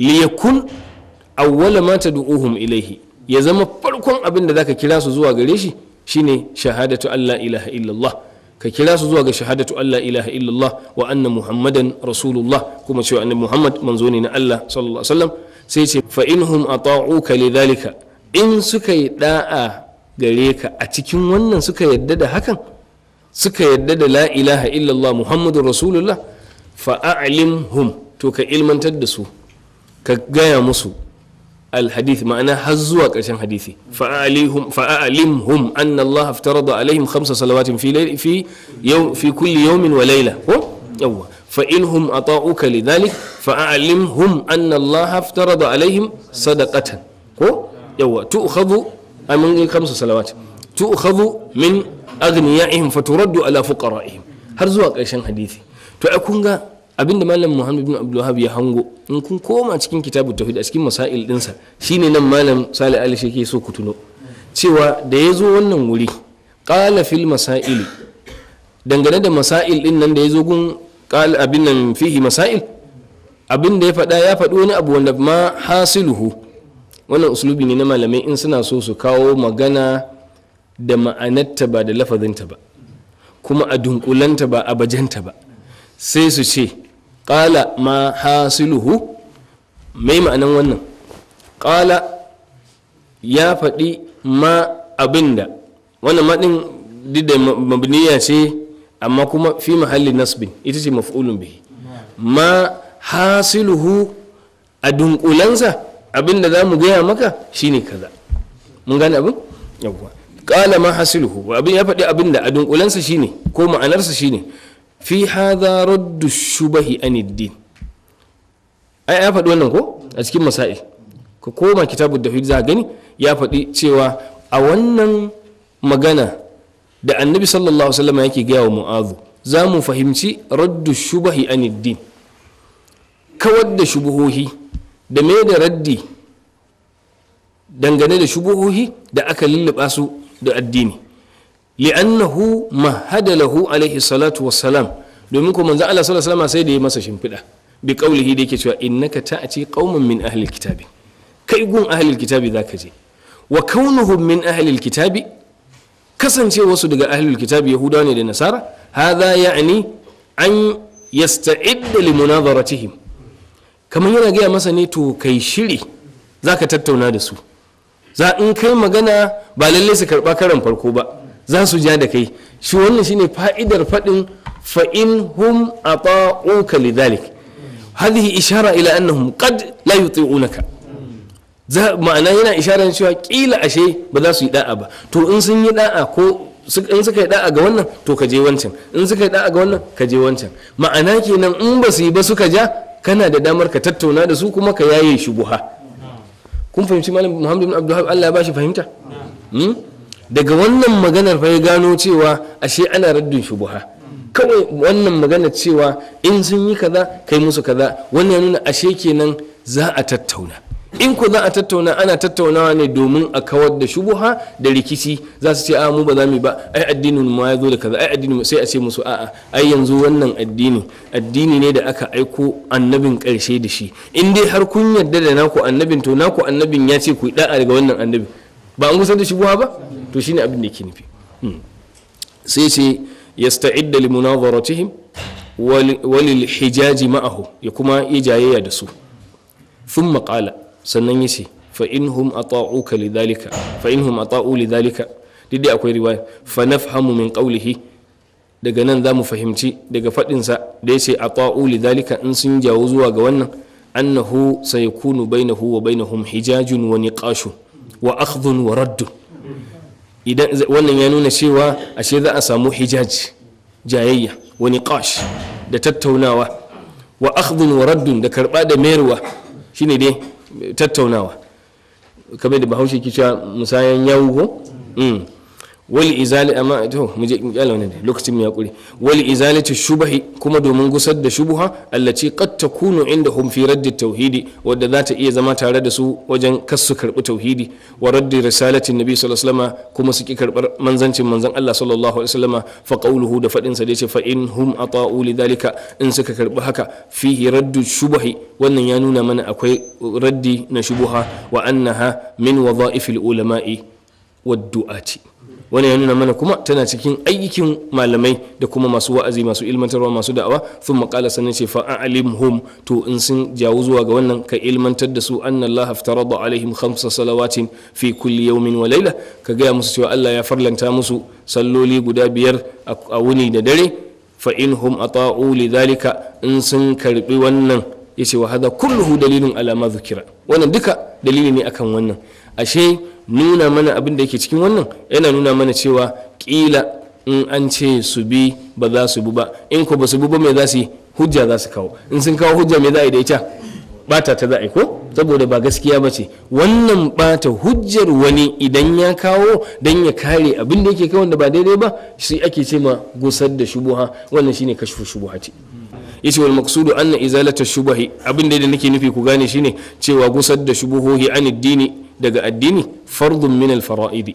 Speaker 1: liyakun awwala ma tad'uhum ilaihi ya zama farkon abin da zaka kira su zuwa gare shi shine shahadatu Allah ilaha illallah ka kira su zuwa ga shahadatu Allah ilaha illallah wa anna muhammadan rasulullah kuma cewa annabi muhammad manzo ne na Allah sallallahu sai ce fa inhum ata'uka lidhalika in suka yi da'a gare ka a cikin wannan suka yadda da hakan suka yadda da la ilaha illallah muhammadu rasulullah fa to ka ilmantar da su ka gaya musu alhadith ma'ana har zuwa ƙarshen hadithi fa'alimhum anna Allah aftarada alaihim khamsa salawatin fi fi yau fi kulli yawmin wa fa inhum ata'uka lidhalik fa a'limhum anna Allah aftarada alaihim sadaqatan ko yawa tu'khadhu amin khamsu salawat tu'khadhu min aghniyaihim faturaddu ala fuqaraihim har zuwa ƙarshen hadisi to ai kun ga abinda malam muhammad bin abdulwahab ya hango in kun koma cikin kitabu tauhid a cikin masail ɗinsa shine nan malam salih ali shi ke so ku tuno cewa da ya zo wannan wuri qala fil masaili dangane da masail din nan da ya zo qal abin nan fihi masail abin da ya faɗa ya faɗi wani abu wanda ma hasiluhu wannan uslubi ne na malamai in suna so su kawo magana da ma'anarta ba da lafazinta ba kuma a dunkulanta ba a bajanta ba sai su ce ƙala ma hasiluhu mai ma'anan wannan ƙala ya faɗi ma abinda wannan maɗin duk da mabniya ce amma kuma fi mahalli nasbin ita ce maf'ulun bihi ma hasiluhu a dunkulansa abinda za mu gaya maka shine kaza mun gane abin yawwa qala ma hasiluhu abin ya faɗi abinda a dunkulansa shine ko ma'anarsa shine fi hadha raddu shubahi anid ai ya faɗi wannan ko a cikin masail ka koma kitabud da za gani ya faɗi cewa a wannan magana da annabi sallallahu alaihi yake gaya wa mu'azu za mu fahimci raddu shubahi aniddin kawar da shubuhohi da mai da raddi dangane da shubuhohi da aka lulluɓa su da addini li'annahu mahada lahu alaihi salatu wassalam domin ko manzo Allah sallallahu alaihi sai da ya masa shimfiɗa bi qaulihi da yake cewa innaka ta'ati qauman min ahli kitabi kai gun ahli kitabi zaka je wa kaunuhum min ahli kitabi kasance wasu daga ahlul kitab yahuda ne da nasara hadha ya'ni an yasta'idda li munazaratihim kamar yana gaya masa ne to kai shiri zaka tattauna da su za in kai magana ba lalle su karba karan farko ba za su ja da kai shi wannan shine fa'idar fadin fa in hum ata'uka lidhalik hadhihi ishara ila annahum qad la yuti'unaka ma'ana yana isharar cewa kila ashe ba za su yi da'a ba to in sun yi da'a ko in suka yi da'a ga wannan to ka je wancan in suka yi da'a ga wannan ka je wancan ma'ana kenan in ba su yi ba suka ja kana da damar ka tattauna da su kuma ka yaye shubuha kun fahimci malam muhammad bin abdullahi Allah ya bashi fahimta hmm? daga wannan maganar fa ya gano cewa ashe ana raddin shubuha kawai wannan magana cewa in sun yi kaza kai musu kaza wannan ya nuna ashe kenan za a tattauna in ku za a tattauna ana tattaunawa ne domin a kawar da shubuha da rikici za su ce a mu ba za mu ba ai addinin mu ya zo da kaza ai addinin mu sai a ce musu a'a ai yanzu wannan addini addini ne da aka aiko annabin karshe da shi in dai har kun yarda da naku annabin to naku annabin ya ce ku yi da'a daga wannan annabin. ba an kusa da shubuha ba to shine abin da ke nufi hmm. sai ce yasta'idda limunadharatihim walil hijaji ma'ahu ya kuma yi jayayya da su thumma qala sannan yace fa inhum ata'uka lidhalika fa inhum ata'u lidhalika duk dai akwai riwaya fa nafhamu min qawlihi daga nan zamu fahimci daga fadin sa da yace ata'u lidhalika in sun jawo zuwa ga wannan annahu sayakunu bainahu wa bainahum hijajun wa niqashun wa akhdhun wa raddun idan wannan ya nuna cewa ashe za a samu hijaj jayayya wa niqash da tattaunawa wa akhdhun wa raddun da karba da mayarwa shine dai tattaunawa kamar da bahaushe ke cewa musayan yawo wal izali amma to mu je mu kyala wannan lokacin mu ya wal izalati shubahi kuma domin gusar da shubuha allati qad takunu indahum fi radd tauhidi wadda za ta iya zama tare da su wajen kasu karbi tauhidi wa radd risalati nabi sallallahu alaihi wasallam kuma su ki karbar manzancin manzan Allah sallallahu alaihi wasallam fa qawluhu da fadin sa da fa in hum ata'u lidhalika in suka karbi haka fihi radd shubahi wannan ya nuna mana akwai raddi na shubuha wa annaha min wadha'ifil ulama'i wad du'ati wani ya nuna mana kuma tana cikin aikin malamai da kuma masu wa'azi masu ilmantarwa masu da'awa sun makala sannan ce fa an hum to in sun jawo zuwa ga wannan ka ilmantar da su anna Allah aftarada alaihim khamsa salawatin fi kulli yawmin wa walaila. ka gaya musu cewa Allah ya farlanta musu salloli guda biyar a wuni da dare fa in a ata'u lidhalika in sun karbi wannan yace wa hada kulluhu dalilin ala ma wannan duka dalili ne akan wannan ashe nuna mana abin da yake cikin wannan yana nuna mana cewa kila in an ce su bi ba za su bi ba in ko ba su bi ba me za su yi hujja za su kawo in sun kawo hujja me za a yi da ita bata ta za a yi ko saboda ba gaskiya ba ce wannan bata hujjar wani idan ya kawo don ya kare abin da yake kai wanda ba daidai ba shi ake ce ma gusar da shubuha wannan shine kashfu ce yace wal maqsudu anna izalata shubuhi abin da nake nufi ku gane shine cewa gusar da shubuhohi an dini daga addini farzun min al-fara'idi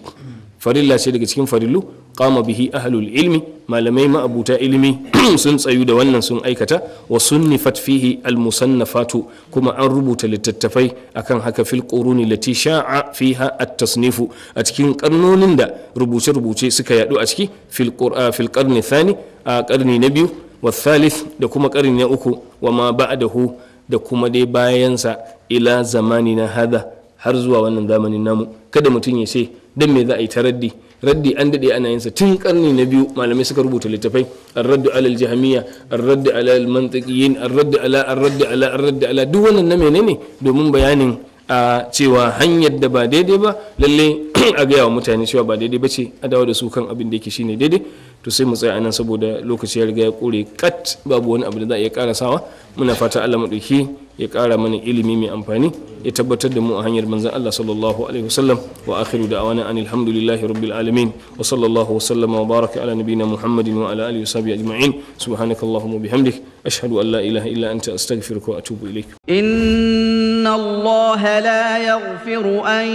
Speaker 1: farilla ce daga cikin farillu qama bihi ahlul ilmi malamai ma'abuta ilimi sun tsayu da wannan sun aikata wa sunnifat fihi almusannafatu kuma an rubuta littattafai akan haka fil quruni lati sha'a fiha at-tasnifu a cikin karnonin da rubuce-rubuce suka yadu a ciki fil qur'a fil qarni thani a karni na biyu wa thalith da kuma karni na uku wa ma ba'dahu da kuma dai bayansa ila zamanina hadha har zuwa wannan zamanin namu kada mutum ya ce dan me za a yi ta raddi raddi an dade ana yinsa tun karni na biyu malamai suka rubuta littafai ar-raddu ala al jahmiya ar-raddu ala al-mantiqiyyin ar-raddu ala ar-raddu ala ar-raddu ala duk wannan na menene domin bayanin a cewa hanyar da ba daidai ba lalle a gaya wa mutane cewa ba daidai ba ce a dawo da su kan abin da yake ne daidai to sai mu tsaya anan saboda lokaci ya riga ya kore kat babu wani abu da za a iya karasawa muna fata Allah mu dauki ya ƙara mana ilimi mai amfani ya tabbatar da mu a hanyar manzon Allah sallallahu alaihi wasallam wa akhiru da awana anil hamdulillahi rabbil alamin wa sallallahu wasallama wa baraka ala nabiyyina muhammadin wa ala alihi washabi ajma'in subhanakallahumma bihamdik ashhadu an la ilaha illa anta astaghfiruka wa atubu ilaik
Speaker 2: inna allaha la yaghfiru an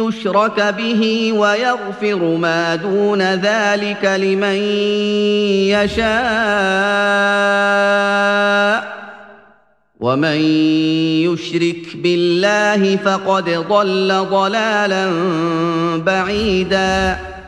Speaker 1: yushraka bihi wa yaghfiru ma duna dhalika liman yasha' ومن يشرك بالله فقد ضل ضلالا بعيدا